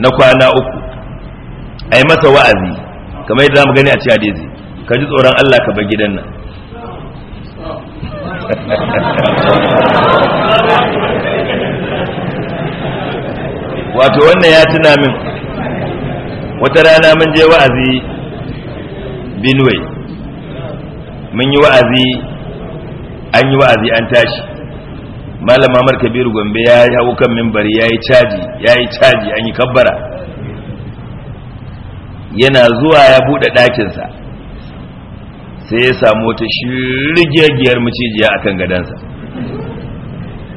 na kwana uku a yi masa wa'azi kamar yadda mu gani a cikin hadisi ka ji tsoron Allah ka bar gidan nan wato wannan ya tuna min wata rana mun je wa'azi Benue mun yi wa'azi an yi wa'azi an tashi malama mar kabiru gombe ya yi hau kan mimbari ya yi caji ya yi caji an yi kabbara yana zuwa ya buɗe ɗakinsa sai ya samu wata shirgegiyar macijiya a kan gadansa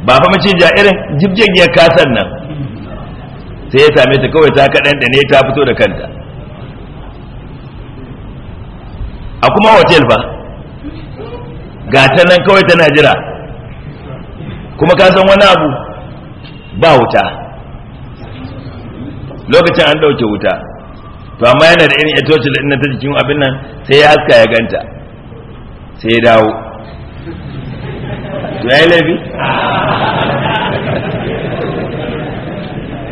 ba fa macijiya irin jibgegiyar kasan nan sai ya same ta kawai ta kaɗan da ne ta fito da kanta a kuma hotel ba ga ta nan kawai tana jira kuma ka san wani abu ba wuta lokacin an dauke wuta to amma yana da irin da din ta jikin abin nan sai ya haska ya ganta sai ya dawo to yi laifi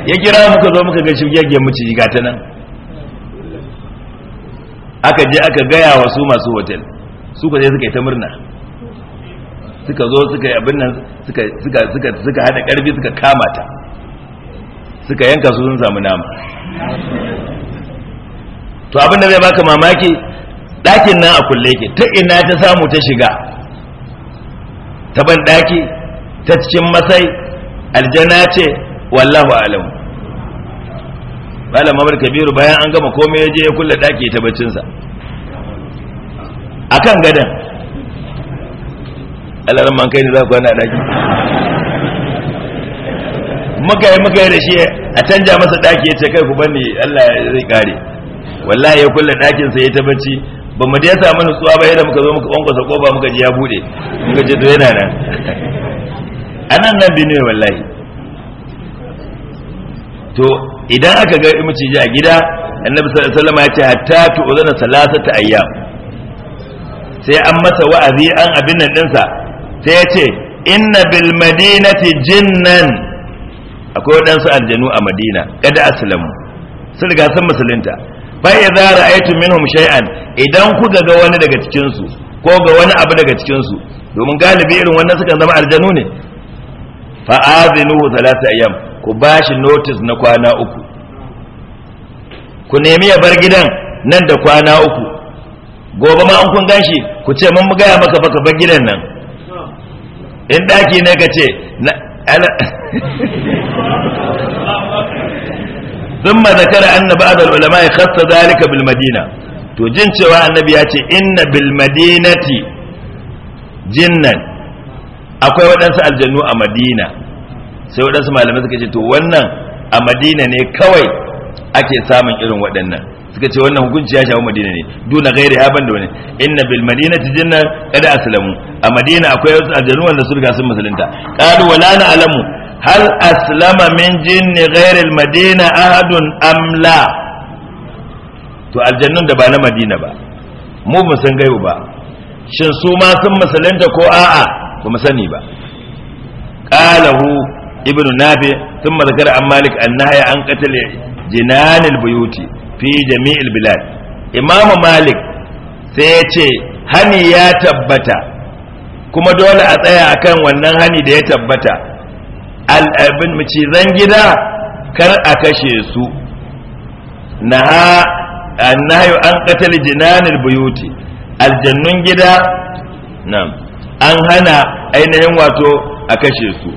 ya kira muka zo muka ga shirgege muci ga ta nan aka je aka gaya wa su masu hotel su ka sai suka yi ta murna suka zo suka yi abin nan suka hada karfi suka kama ta suka yanka su sun samu nama to abin da zai baka mamaki ɗakin nan a kulle yake ta ina ta samu ta shiga ta ban ɗaki ta cikin masai aljana ce wallahu alamu malam mamar kabiru bayan an gama komai ya je ya kulle ɗaki ta a kan gadan alaran man kai ne za ku a daki muka yi muka yi da shi a canja masa daki ya ce kai ku bani Allah Ya zai kare wallahi ya kulle dakin sa ya ta bacci ba mu da ya samu nutsuwa ba yadda muka zo muka kwankwasa ba muka ji ya bude muka ce to yana nan anan nan bi ne wallahi to idan aka ga ji a gida annabi sallallahu alaihi wasallam ya ce hatta tu'zana salasata ayyam sai an masa wa'azi an abin nan dinsa sai ya ce inna bil madinati jinnan akwai waɗansu aljanu a madina kada aslamu sun riga sun musulunta fa idza ra'aytu minhum shay'an idan ku ga wani daga cikin su ko ga wani abu daga cikin su domin galibi irin wannan suka zama aljanu ne fa azinuhu thalatha ayyam ku bashi notice na kwana uku ku nemi ya bar gidan nan da kwana uku gobe ma an kun gashi ku ce mun gaya maka baka bar gidan nan in ɗaki na ka ce sun ma zakara annabi na ulama ya kasta zalika bilmadina to jin cewa annabi ya ce inna bilmadinati jinnan akwai waɗansu aljannu a madina sai waɗansu malamai suka ce to wannan a madina ne kawai ake samun irin waɗannan suka ce wannan hukunci ya shafi madina ne duna gairi ya ban da wani inna bil madinati jinna kada aslamu a madina akwai wasu aljanu wanda su sun musulunta Kalu wala na alamu hal aslama min jinni ghairi al madina ahadun am la to aljannun da ba na madina ba mu ba san gaibu ba shin su ma sun musulunta ko a'a ba mu sani ba qalahu ibnu nafi thumma zakara an malik an nahya an qatl jinanil buyuti fi jami'il bilad imam malik sai ya ce hani ya tabbata kuma dole a tsaya akan wannan hani da ya tabbata al'abin macizan gida kar a kashe su na annahu an qatal jinanil buyuti aljannun gida nam an hana ainihin wato a kashe su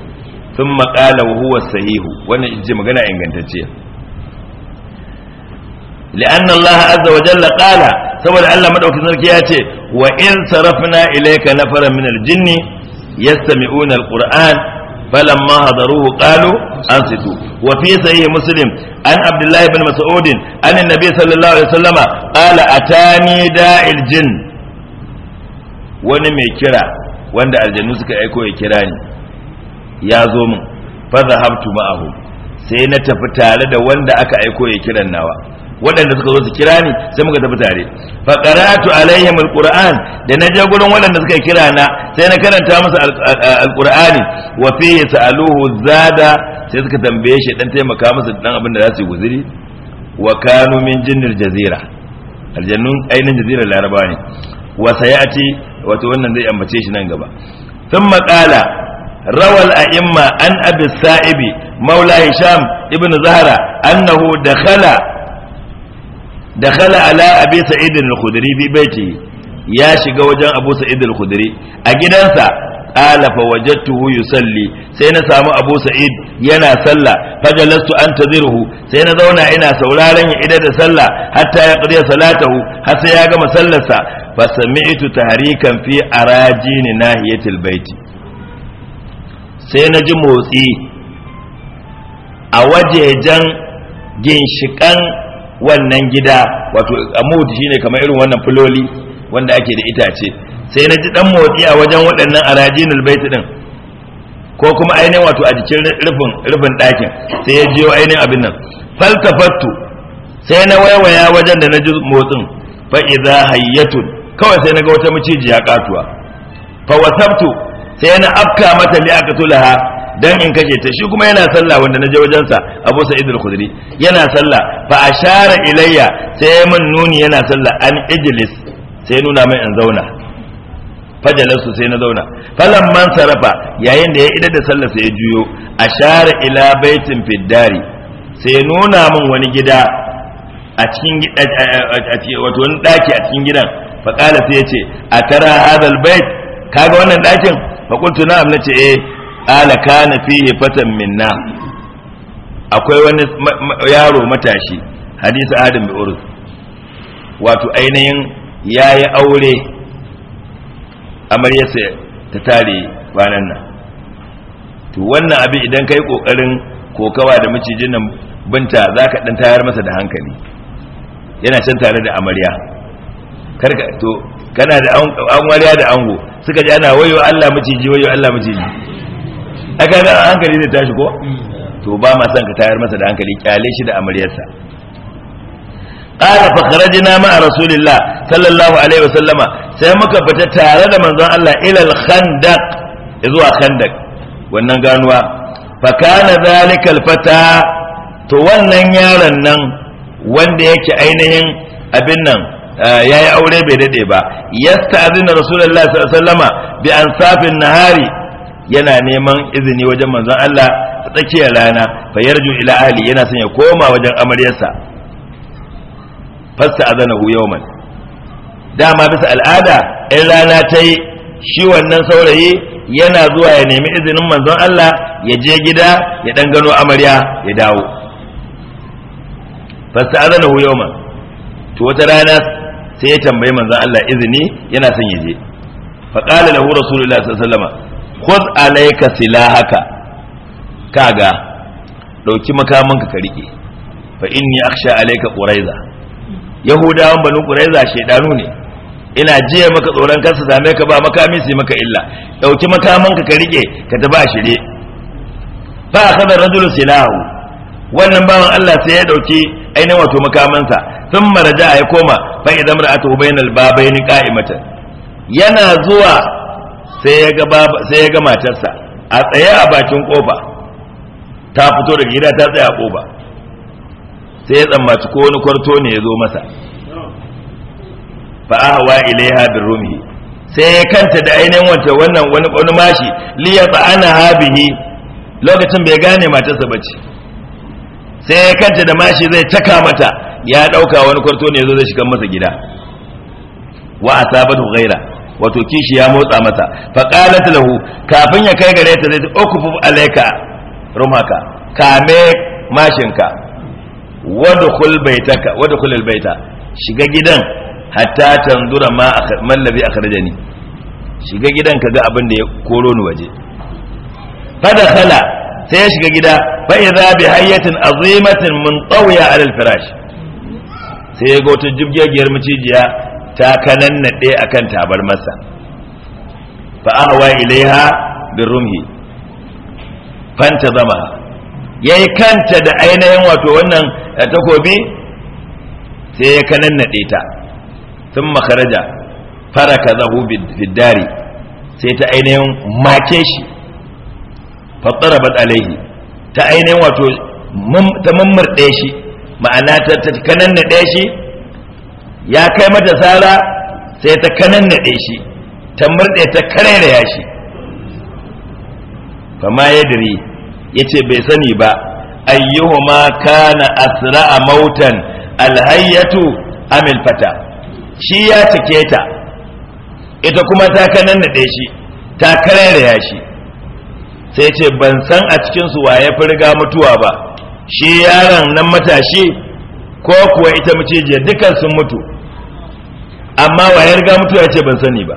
sun maƙala wa huwa sahihu wannan ije magana ingantacciya لأن الله عز وجل قال سبحان الله مدعوك سنركياتي وإن صرفنا إليك نفرا من الجن يستمعون القرآن فلما هضروه قالوا أنصتوا وفي صحيح مسلم عن عبد الله بن مسعود أن النبي صلى الله عليه وسلم قال أتاني داء الجن wani mai kira wanda aljannu suka aiko ya kira ni ya zo min fa zahabtu ma'ahu sai na tafi tare da wanda aka aiko ya kiran nawa waɗanda suka zo su kira ni sai muka tafi tare fa qara'tu alaihim alquran da na je gurin waɗanda suka kira na sai na karanta musu alqur'ani wa fi sa'aluhu zada sai suka tambaye shi dan taimaka musu dan abin da za su yi guzuri wa kanu min jinnil jazira aljannun ainin jazira laraba ne wa sayati wato wannan zai ambace shi nan gaba thumma qala rawal a'imma an abi sa'ibi maula hisham ibnu zahra annahu dakhala dakhala ala abi sa'id al-khudri bi baiti ya shiga wajen abu sa'id al-khudri a gidansa qala fa wajadtuhu yusalli sai na samu abu sa'id yana sallah fajalastu antazirhu sai na zauna ina sauraron ya ida da sallah hatta ya qadiya salatahu har sai ya gama sallarsa fa sami'tu tahrikan fi arajin nahiyatil baiti sai na ji motsi a wajejen ginshikan wannan gida wato amud shine kamar irin wannan fuloli wanda ake da itace sai na ji dan motsi a wajen waɗannan arajinul bait din ko kuma ainihin wato a jikin rufin rufin ɗakin sai ya jiyo ainihin abin nan faltafattu sai na waiwaya wajen da na ji motsin fa idza hayyatun kawai sai na ga wata ya katuwa fa wasabtu sai na afka mata li'aqatulaha dan in kashe ta shi kuma yana sallah wanda na je wajensa abu sa'id al-khudri yana sallah fa ashara ilayya sai min nuni yana sallah an ijlis sai nuna mai in zauna fajalasu sai na zauna falan man sarafa yayin da ya idar da sallah sai ya juyo ashara ila baitin fiddari sai nuna min wani gida a cikin wato wani daki a cikin gidan fa qala sai ya ce atara hadal bait
kaga wannan dakin
fa qultu na'am nace eh qala kana fihi fatan minna akwai wani yaro matashi hadisi adam bi urus wato ainihin yayi aure amaryarsa ta tare kwanan nan to wannan abin idan kai kokarin kokawa da macijin nan binta zaka dan tayar masa da hankali yana can tare da amarya karka to kana da an da ango suka ji ana wayo Allah maciji wayo Allah maciji aka a hankali zai tashi ko to ba ma son ka tayar masa da hankali kyale shi da amaryarsa ƙara fa nama a rasulillah sallallahu alaihi wasallama sai muka fita tare da manzon Allah ilal al khandaq zuwa khandaq wannan ganuwa fa zalikal zalika fata to wannan yaron nan wanda yake ainihin abin nan eh, ya yi aure bai daɗe ba yasta azina rasulullah sallama bi an safin nahari yana neman izini wajen manzon Allah ta tsakiyar rana fa yarju ila ahli yana son ya koma wajen amaryarsa fasta azanahu yawman dama bisa al'ada in rana ta yi shi wannan saurayi yana zuwa ya nemi izinin manzon Allah ya je gida ya dan gano amarya ya dawo fasta azanahu yawman to wata rana sai ya tambayi manzon Allah izini yana son ya je qala lahu rasulullahi sallallahu alaihi wasallam khud alayka silahaka kaga dauki makamanka ka rike fa inni akhsha alayka quraiza yahudawan banu quraiza shedanu ne ina jiya maka tsoron kansa same ka ba makami sai maka illa dauki makamanka ka rike ka tafi a shirye fa akhadha ar-rajul silahu wannan bawan Allah sai ya dauki ainihin wato makamansa sun maraja ya koma fa idan mar'atu bainal babaini qa'imatan yana zuwa sai ya ga matarsa a tsaye a bakin kofa ta fito daga gida ta tsaye a kofa sai ya tsammaci ko wani kwarto ne ya zo masa fa'ahawa ilaiha bin rumhi sai ya kanta da ainihin wancan wannan wani wani mashi liya ana habihi lokacin bai gane matarsa bace sai ya kanta da mashi zai taka mata ya dauka wani kwarto ne ya zo zai shiga masa gida wa asabatu ghaira wato kishi ya motsa mata fa qalat lahu kafin ya kai gare ta zai ukufuf alayka rumaka kame mashinka wadkhul baitaka wadkhul albayta shiga gidan hatta tanzura ma man ladhi akhrajani shiga gidan kaga abin da ya koro ni waje fa dakhala sai ya shiga gida fa idza bi hayyatin azimatin tawya ala alfirash sai ya ga wata jibgiyar macijiya ta kanan naɗe a kan tabar masa fa'awa ilaiha bin rumhi fanta zama ya yi kanta da ainihin wato wannan eh, takobi sai ya kanan naɗe ta sun makaraja fara ka zahu fiddari sai ta ainihin make shi fattara bat ta ainihin wato ta mummurɗe shi ma'ana ta kanan naɗe shi ya kai mata sara sai ta kanan naɗe shi ta murɗe ta ya shi kama ya diri ya ce bai sani ba Ayyuhu ayyuhuma kana a mautan alhayyatu amil fata shi ya cike ta ita kuma ta kanan naɗe shi ta ya shi sai ce ban san a cikinsu wa ya fi riga mutuwa ba shi yaron nan matashi ko kuwa ita mace dukan sun mutu amma wa ya riga mutu ya ce ban sani ba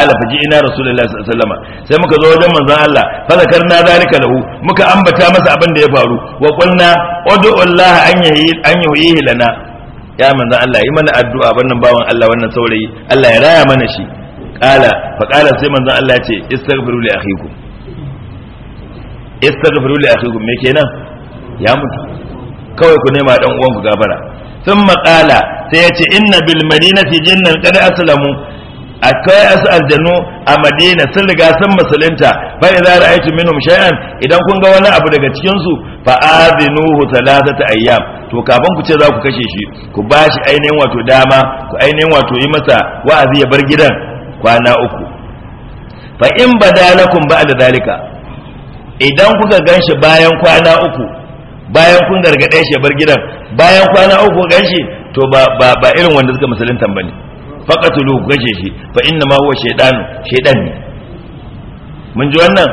ala faji ina rasulullahi sallallahu alaihi wasallam sai muka zo wajen manzon Allah fa zakarna zalika lahu muka ambata masa abin da ya faru wa qulna ud'u Allah an yahi an yuhi lana ya manzon Allah yi mana addu'a wannan bawan Allah wannan saurayi Allah ya raya mana shi qala fa qala sai manzon Allah ya ce istaghfiru li akhikum istaghfiru li akhikum me kenan ya mutu kawai ku nema dan uwanku gafara sun قال sai ya ce في جنة قد jinnan qad aslamu akwai asu aljanu a madina sun riga sun musulunta fa idza ra'aytum minhum shay'an idan kun ga wani abu daga cikin su fa azinuhu thalathata ayyam to kafin ku ce za ku kashe shi ku bashi ainihin wato dama ku ainihin wato yi masa wa'azi ya bar gidan kwana uku fa in badalakum ba'da zalika idan kuka ganshi bayan kwana uku bayan kun gargaɗe shi bar gidan bayan kwana uku gan shi to ba ba irin wanda suka musuluntan bane ku gaje shi fa inna ma huwa shaytanu shaytan ne mun ji wannan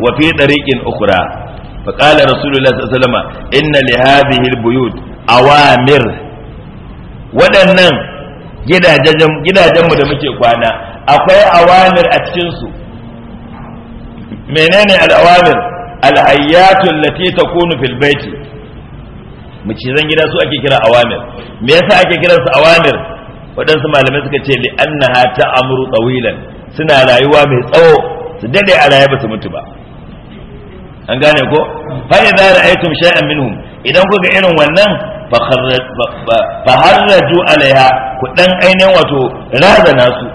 wa fi tariqin ukhra fa qala rasulullahi sallallahu alaihi wasallam inna li hadhihi albuyut awamir waɗannan gidajen gidajen mu da muke kwana akwai awamir a cikin su menene awamir? alhayyatu lati takunu fil baiti macizan gida su ake kira awamir me yasa ake kiran su awamir waɗansu malamai suka ce li annaha amru tawilan suna rayuwa mai tsawo su dade a raye ba su mutu ba an gane ko fa idza ra'aytum shay'an minhum idan kuka irin wannan fa alaiha ku ɗan ainihin wato razana su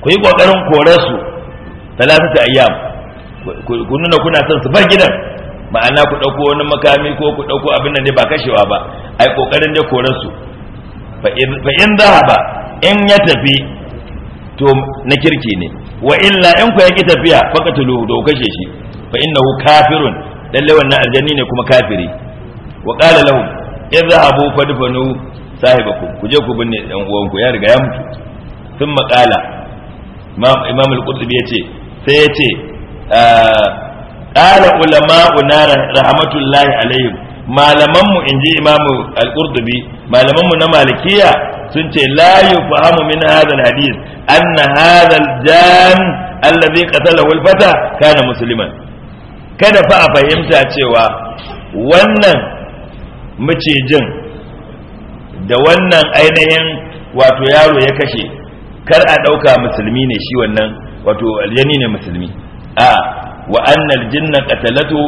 ku yi ƙoƙarin kore su talatata ayyam ku nuna kuna son su bar gidan ma'ana ku ɗauko wani makami ko ku ɗauko abin da ne ba kashewa ba ai kokarin dai korar su fa in za ba in ya tafi to na kirki ne wa illa in ku yaki tafiya da ku kashe shi fa innahu kafirun lalle wannan aljanni ne kuma kafiri wa qala lahum idhabu fadfanu sahibakum ku je ku binne dan uwanku ya riga ya mutu sun maƙala imam al-qurtubi yace sai yace qala ulama'una rahmatullahi alaihim malaman mu inji imamu al-qurtubi malaman mu na malikiya sun ce la yufahamu min hadha al-hadith anna hadha al-jan alladhi qatalahu al-fata kana musliman kada fa a fahimta cewa wannan macijin da wannan ainihin wato yaro ya kashe kar a ɗauka musulmi ne shi wannan wato aljani ne musulmi a wa annal jinna qatalatu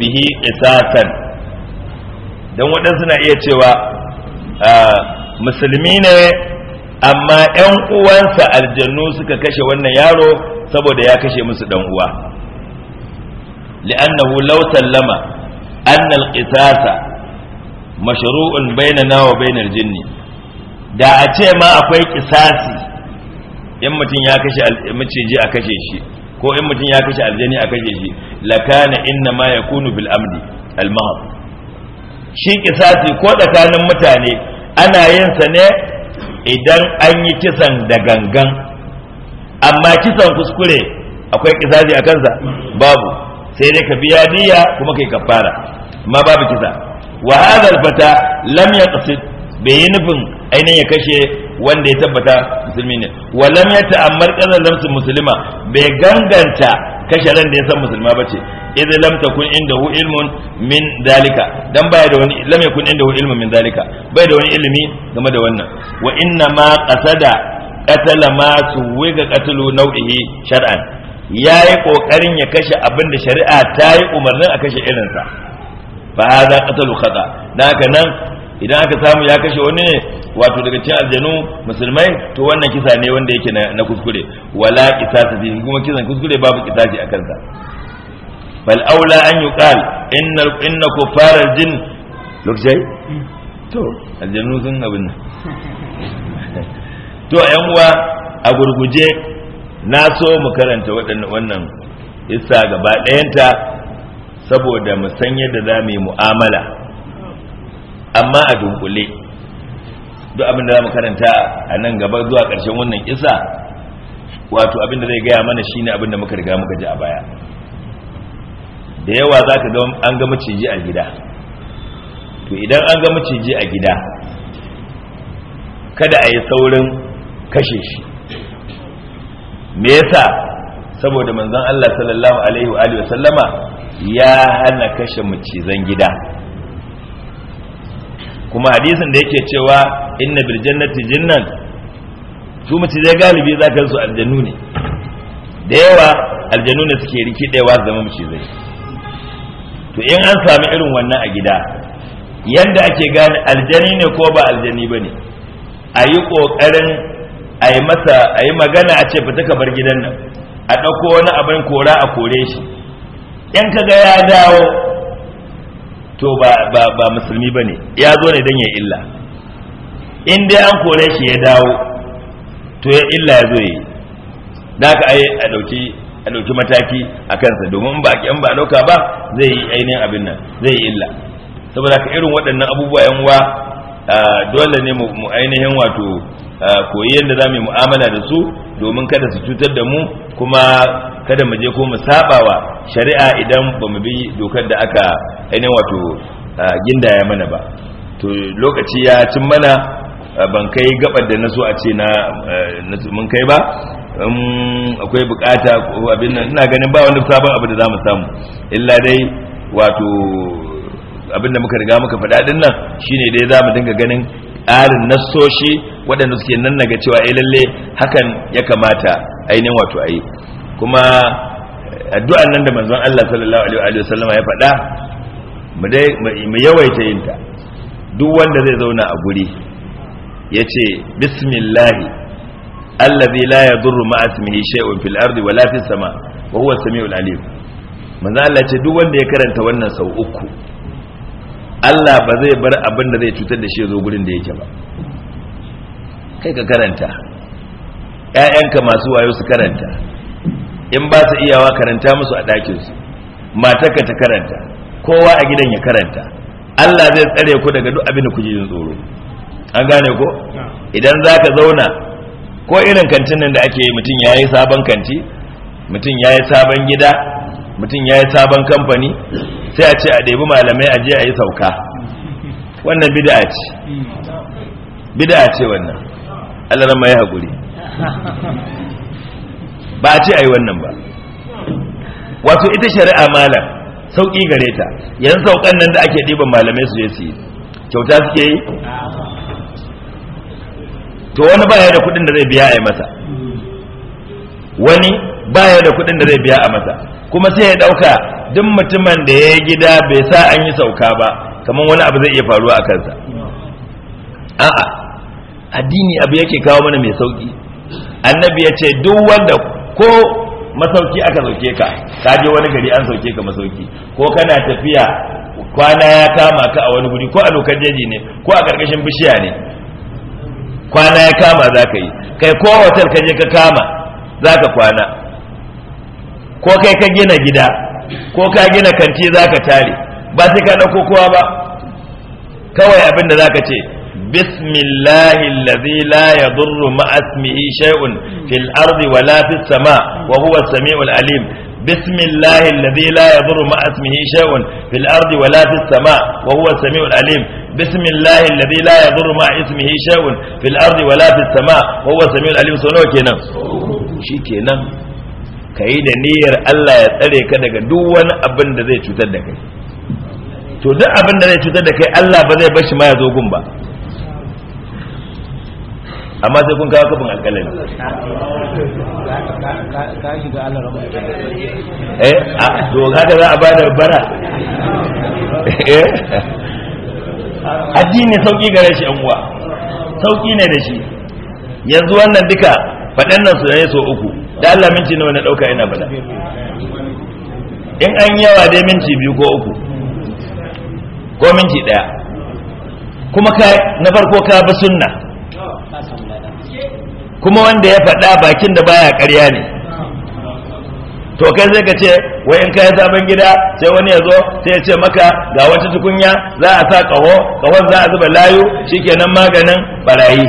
bihi qisasan dan waɗansu na iya cewa musulmi ne amma 'yan uwansa aljannu suka kashe wannan yaro saboda ya kashe musu ɗan uwa li'annahu law sallama anna al mashru'un mashru'un na wa bainar jinni da a ce ma akwai ƙisasi in mutum ya kashe maciji a kashe shi ko in mutum ya kashe aljani a kashe shi lakana inna ma yakunu bil amdi al mahab shi kisasi ko tsakanin mutane ana yin sa ne idan an yi kisan da gangan amma kisan kuskure akwai kisasi a kansa babu sai dai ka biya diya kuma kai kafara amma babu kisa wa hadha al fata lam yaqsid bai yi nufin ainihin ya kashe wanda ya tabbata musulmi ne walam ya ta'ammar ƙasar lamsu musulma bai ganganta kashe ran da ya san musulma bace lamta lam inda hu ilmun min dalika dan baya da wani lam inda hu ilmun min dalika bai da wani ilimi game da wannan wa inna ma qasada qatala ma wiga qatlu nau'ihi shar'an yayi kokarin ya kashe abin da shari'a ta yi umarnin a kashe irinsa fa hada qatlu khata dan haka nan idan aka samu ya kashe wani ne wato daga cikin aljanu musulmai to wannan kisa ne wanda yake na kuskure wala kisasa fi kuma kisan kuskure babu kisasi a kansa bal aula an yuqal inna inna kuffar jin lokacin to aljanu sun abin nan to yan uwa a gurguje na so mu karanta wannan isa gaba ɗayanta saboda mu san yadda za mu yi mu'amala amma a dunkule duk abin da za mu karanta a nan gaba zuwa ƙarshen wannan kisa wato abin da zai gaya mana shine abin da muka riga muka ji a baya da yawa za ka ga an ga maciji a gida to idan an ga maciji a gida kada a yi saurin kashe shi me yasa saboda manzon Allah sallallahu alaihi wa sallama ya hana kashe macizan gida kuma hadisin da yake cewa inna bil jannati jinnan su mace zai galibi za ka su aljanu ne da yawa aljanu ne suke yawa zama mace zai to in an sami irin wannan a gida yadda ake gane aljani ne ko ba aljani ba ne a yi ƙoƙarin a yi masa a magana a ce fita ka bar gidan nan a ɗauko wani abin kora a kore shi in ka ga ya dawo to ba ba ba musulmi bane ya zo ne dan ya illa in dai an kore shi ya dawo to ya illa ya zo yi da ka ai a dauki mataki a kansa domin ba ki ba dauka ba zai yi ainihin abin nan zai yi illa saboda ka irin waɗannan abubuwa yan wa ah, dole ne mu ainihin wato ah, koyi yadda za mu yi mu'amala da su domin kada su cutar da mu kuma kada mu je ko mu wa shari'a idan ba mu bi dokar da aka ainihin wato gindaya mana ba to lokaci ya cin mana ban kai gabar da na a ce na mun kai ba akwai bukata ko abin nan ina ganin ba wani sabon abu da za mu samu illa dai wato abin da muka riga muka faɗa din nan shine dai za mu dinga ganin ƙarin nassoshi waɗanda suke nan naga cewa ai eh, lalle hakan ya kamata ainihin wato ayi kuma eh, addu'an nan da manzon Allah sallallahu alaihi wa sallama ya faɗa mu dai mu yawaita yin ta duk wanda zai zauna a guri yace bismillah allazi la yadurru ma ismihi shay'un fil ardi wala fis sama wa huwa as-sami'ul alim manzon Allah ce duk wanda ya karanta wannan sau uku Allah ba zai bar abin da zai cutar da shi zo gurin da yake ba kai ka karanta ƴaƴanka masu wayo su karanta in ba su iyawa karanta musu a ɗakinsu matarka ta karanta kowa a gidan ya karanta Allah zai tsare ku daga duk abin da kuke yin tsoro an gane ko idan za zauna ko irin kantin nan da ake yi mutum ya sabon kanti mutum yayi yi sabon gida mutum ya yi sabon kamfani sai a ce a ɗebi malamai a je a yi sauka wannan a ce a ce wannan ma mai haƙuri ba a ce a yi wannan ba wato ita shari'a malam sauƙi gare ta yanzu saukan nan da ake ɗiban malamai su je yi kyauta suke yi to wani baya da kuɗin da zai biya a yi masa wani baya da kuɗin da zai biya a masa kuma sai ya dauka duk mutumin da ya gida bai sa an yi sauka ba kamar wani abu zai iya faruwa a kansa a'a addini abu yake kawo mana mai sauki annabi ya ce duk wanda ko masauki aka sauke ka ka je wani gari an sauke ka masauki ko kana tafiya kwana ya kama ka a wani guri ko a dokar jeji ne ko a karkashin bishiya ne kwana ya kama za ka yi kai ko hotel ka je ka kama za ka kwana ko kai ka gina gida ko ka gina kanti za ka tare ba sai ka ɗauko kowa ba kawai abin da za ka ce bismillahi allazi la yadurru ma'asmihi shay'un fil ardi wala fis sama wa huwa samiul alim بسم الله الذي لا يضر مع اسمه شيء في الأرض ولا في السماء وهو السميع العليم بسم الله الذي لا يضر مع اسمه شيء في الأرض ولا في السماء وهو السميع العليم سنوكينا شيكينا ka yi da niyyar Allah ya tsare ka daga duk wani abin da zai cutar da kai to duk abin da zai cutar da kai Allah ba zai bar shi ma ya zo gun ba amma sai kun kawo kafin alƙalin
eh a to haka za a ba da bara
eh addini sauki gare shi uwa sauki ne da shi yanzu wannan duka faɗan nan su ne so uku da Allah minti nawa na dauka ina bada in an yawa dai minti biyu ko uku ko minti daya kuma ka na farko ka bi sunna kuma wanda ya faɗa bakin da baya ƙarya ne to kai zai ka ce wai in kai sabon gida sai wani ya zo sai ya ce maka ga wata tukunya za a sa kaho kahon za a zuba layu shikenan maganin barayi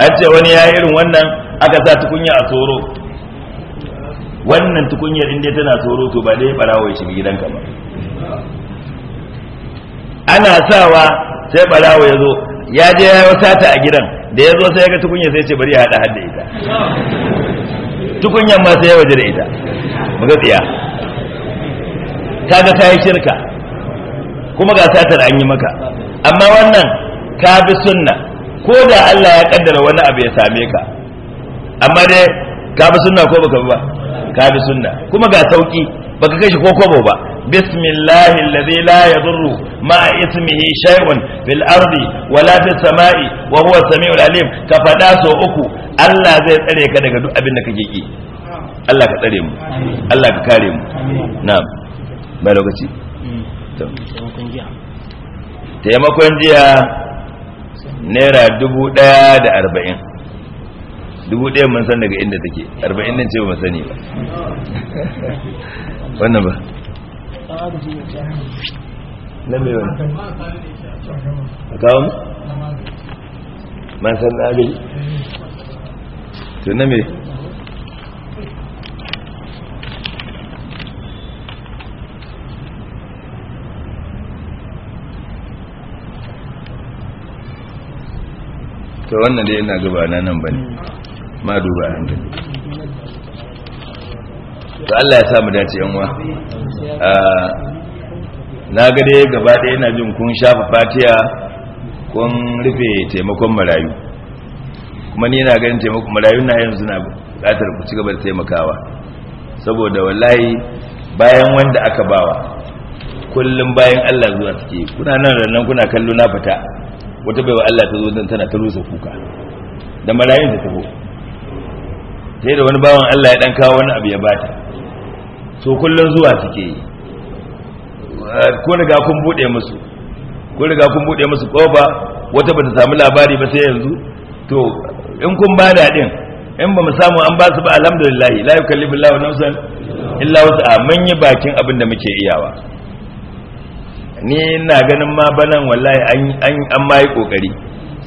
an ce wani ya irin wannan aka sa tukunya a tsoro wannan tukunya din dai tana tsoro to ba dai barawo ya shiga gidanka ba ana sawa sai barawo ya zo ya je ya yi sata a gidan da ya zo sai ga tukunya sai ce bari ya haɗa hadda ita Tukunya ma sai ya waje da ita muka tsiya kaga ta yi shirka kuma ga satar an yi maka amma wannan ka bi sunna ko da Allah ya kaddara wani abu ya same ka amma dai ka bi sunna ko baka ba ka bi sunna kuma ga sauki baka kai shi ko kobo ba bismillahi allazi la yadurru ma ismihi shay'un fil ardi wala fis samai wa huwa samiul alim ka fada so uku Allah zai tsare ka daga duk abin da kake ki Allah ka tsare mu Allah ka kare mu na'am ba lokaci to taimakon jiya naira dubu ɗaya da arba'in dubu ɗaya mun san daga inda take arba'in nan ce ba sani ba wannan ba na mai wani a kawo man san na to na mai to wannan dai yana gaba nan ba ne ma duba an da to Allah ya sa mu dace wa. na ga dai gaba ɗaya na jin kun shafa fatiya kun rufe taimakon marayu kuma ni na ganin taimakon marayu na yanzu na buƙatar ku ci gaba da taimakawa saboda wallahi bayan wanda aka bawa kullum bayan Allah zuwa suke kuna nan rannan kuna kallo na fita wata baiwa Allah ta zo tana ta rusa kuka da marayun ta taho sai da wani bawan Allah ya dan kawo wani abu ya bata so kullun zuwa suke yi ko daga kun bude musu ko daga kun bude musu kofa wata bata samu labari ba sai yanzu to in kun da din in ba mu samu an ba su ba alhamdulillah la yukallifu Allahu nafsan illa mun yi bakin abin da muke iyawa ni ina ganin ma banan wallahi an an an mai kokari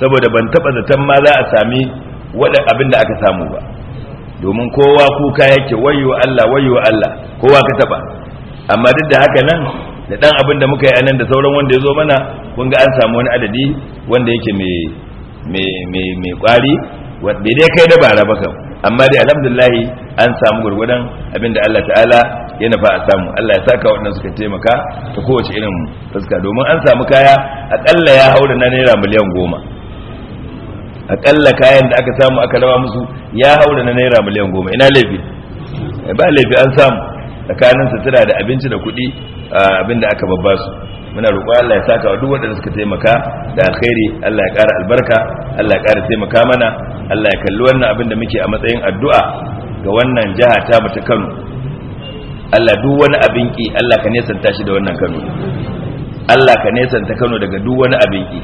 saboda ban taba zaton ma za a sami wada abin da aka samu ba domin kowa kuka yake wayo Allah wayo Allah kowa ka taba amma duk da haka nan da dan abin da muka yi anan da sauran wanda ya zo mana kun ga an samu wani adadi wanda yake mai mai mai mai kwari wanda dai kai da bara baka amma dai alhamdulillah an samu gurgudan da Allah ta'ala ya nafa a samu Allah ya saka wannan suka taimaka ta kowace irin fuska domin an samu kaya akalla ya haura na naira miliyan goma akalla kayan da aka samu aka raba musu ya haura na naira miliyan goma ina laifi eh, ba laifi an samu tsakanin sutura da abinci da kuɗi abin da aka babba su muna roƙo Allah ya saka wa duk waɗanda suka taimaka da alkhairi Allah ya ƙara albarka Allah ya ƙara taimaka mana Allah ya kalli wannan abin da muke a matsayin addu'a ga wannan jiha ta mu Kano Allah duk wani abin Allah ka nesanta shi da wannan Kano Allah ka nesanta Kano daga duk wani abin ki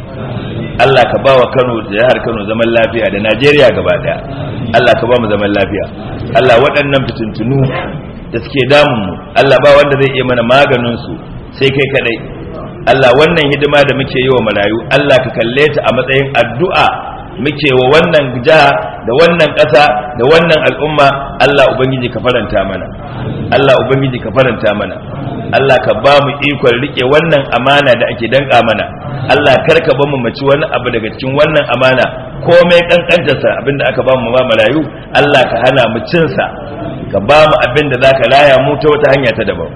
Allah ka ba wa Kano da jihar Kano zaman lafiya da Najeriya gaba daya Allah ka ba mu zaman lafiya Allah waɗannan fitintunu da suke damun mu Allah ba wanda zai iya mana maganin su sai kai kadai Allah wannan hidima da muke yi wa marayu Allah ka kalle ta a matsayin addu'a muke wa wannan jiha da wannan ƙasa da wannan al'umma Allah ubangiji ka faranta mana Allah ubangiji ka faranta mana Allah ka ba mu ikon rike wannan amana da ake danka mana Allah kar ka bamu mace wani abu daga cikin wannan amana komai kankantarsa abinda aka ba mu ma marayu Allah ka hana mu cinsa ka ba mu abinda zaka raya mu ta wata hanya ta daban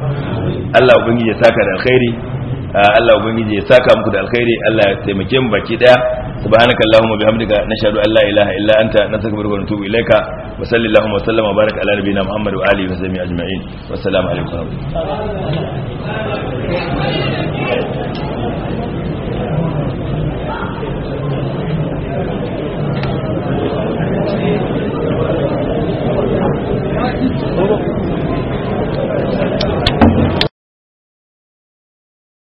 Allah ubangiji ya saka da alkhairi Allah ubangiji ya saka muku da alkhairi Allah ya taimake mu baki daya subhanaka allahumma bihamdika nashhadu an la ilaha illa anta nastaghfiruka wa natubu ilayka wa sallallahu wa sallama wa baraka ala nabiyyina muhammad wa alihi wa sahbihi ajma'in wa assalamu alaikum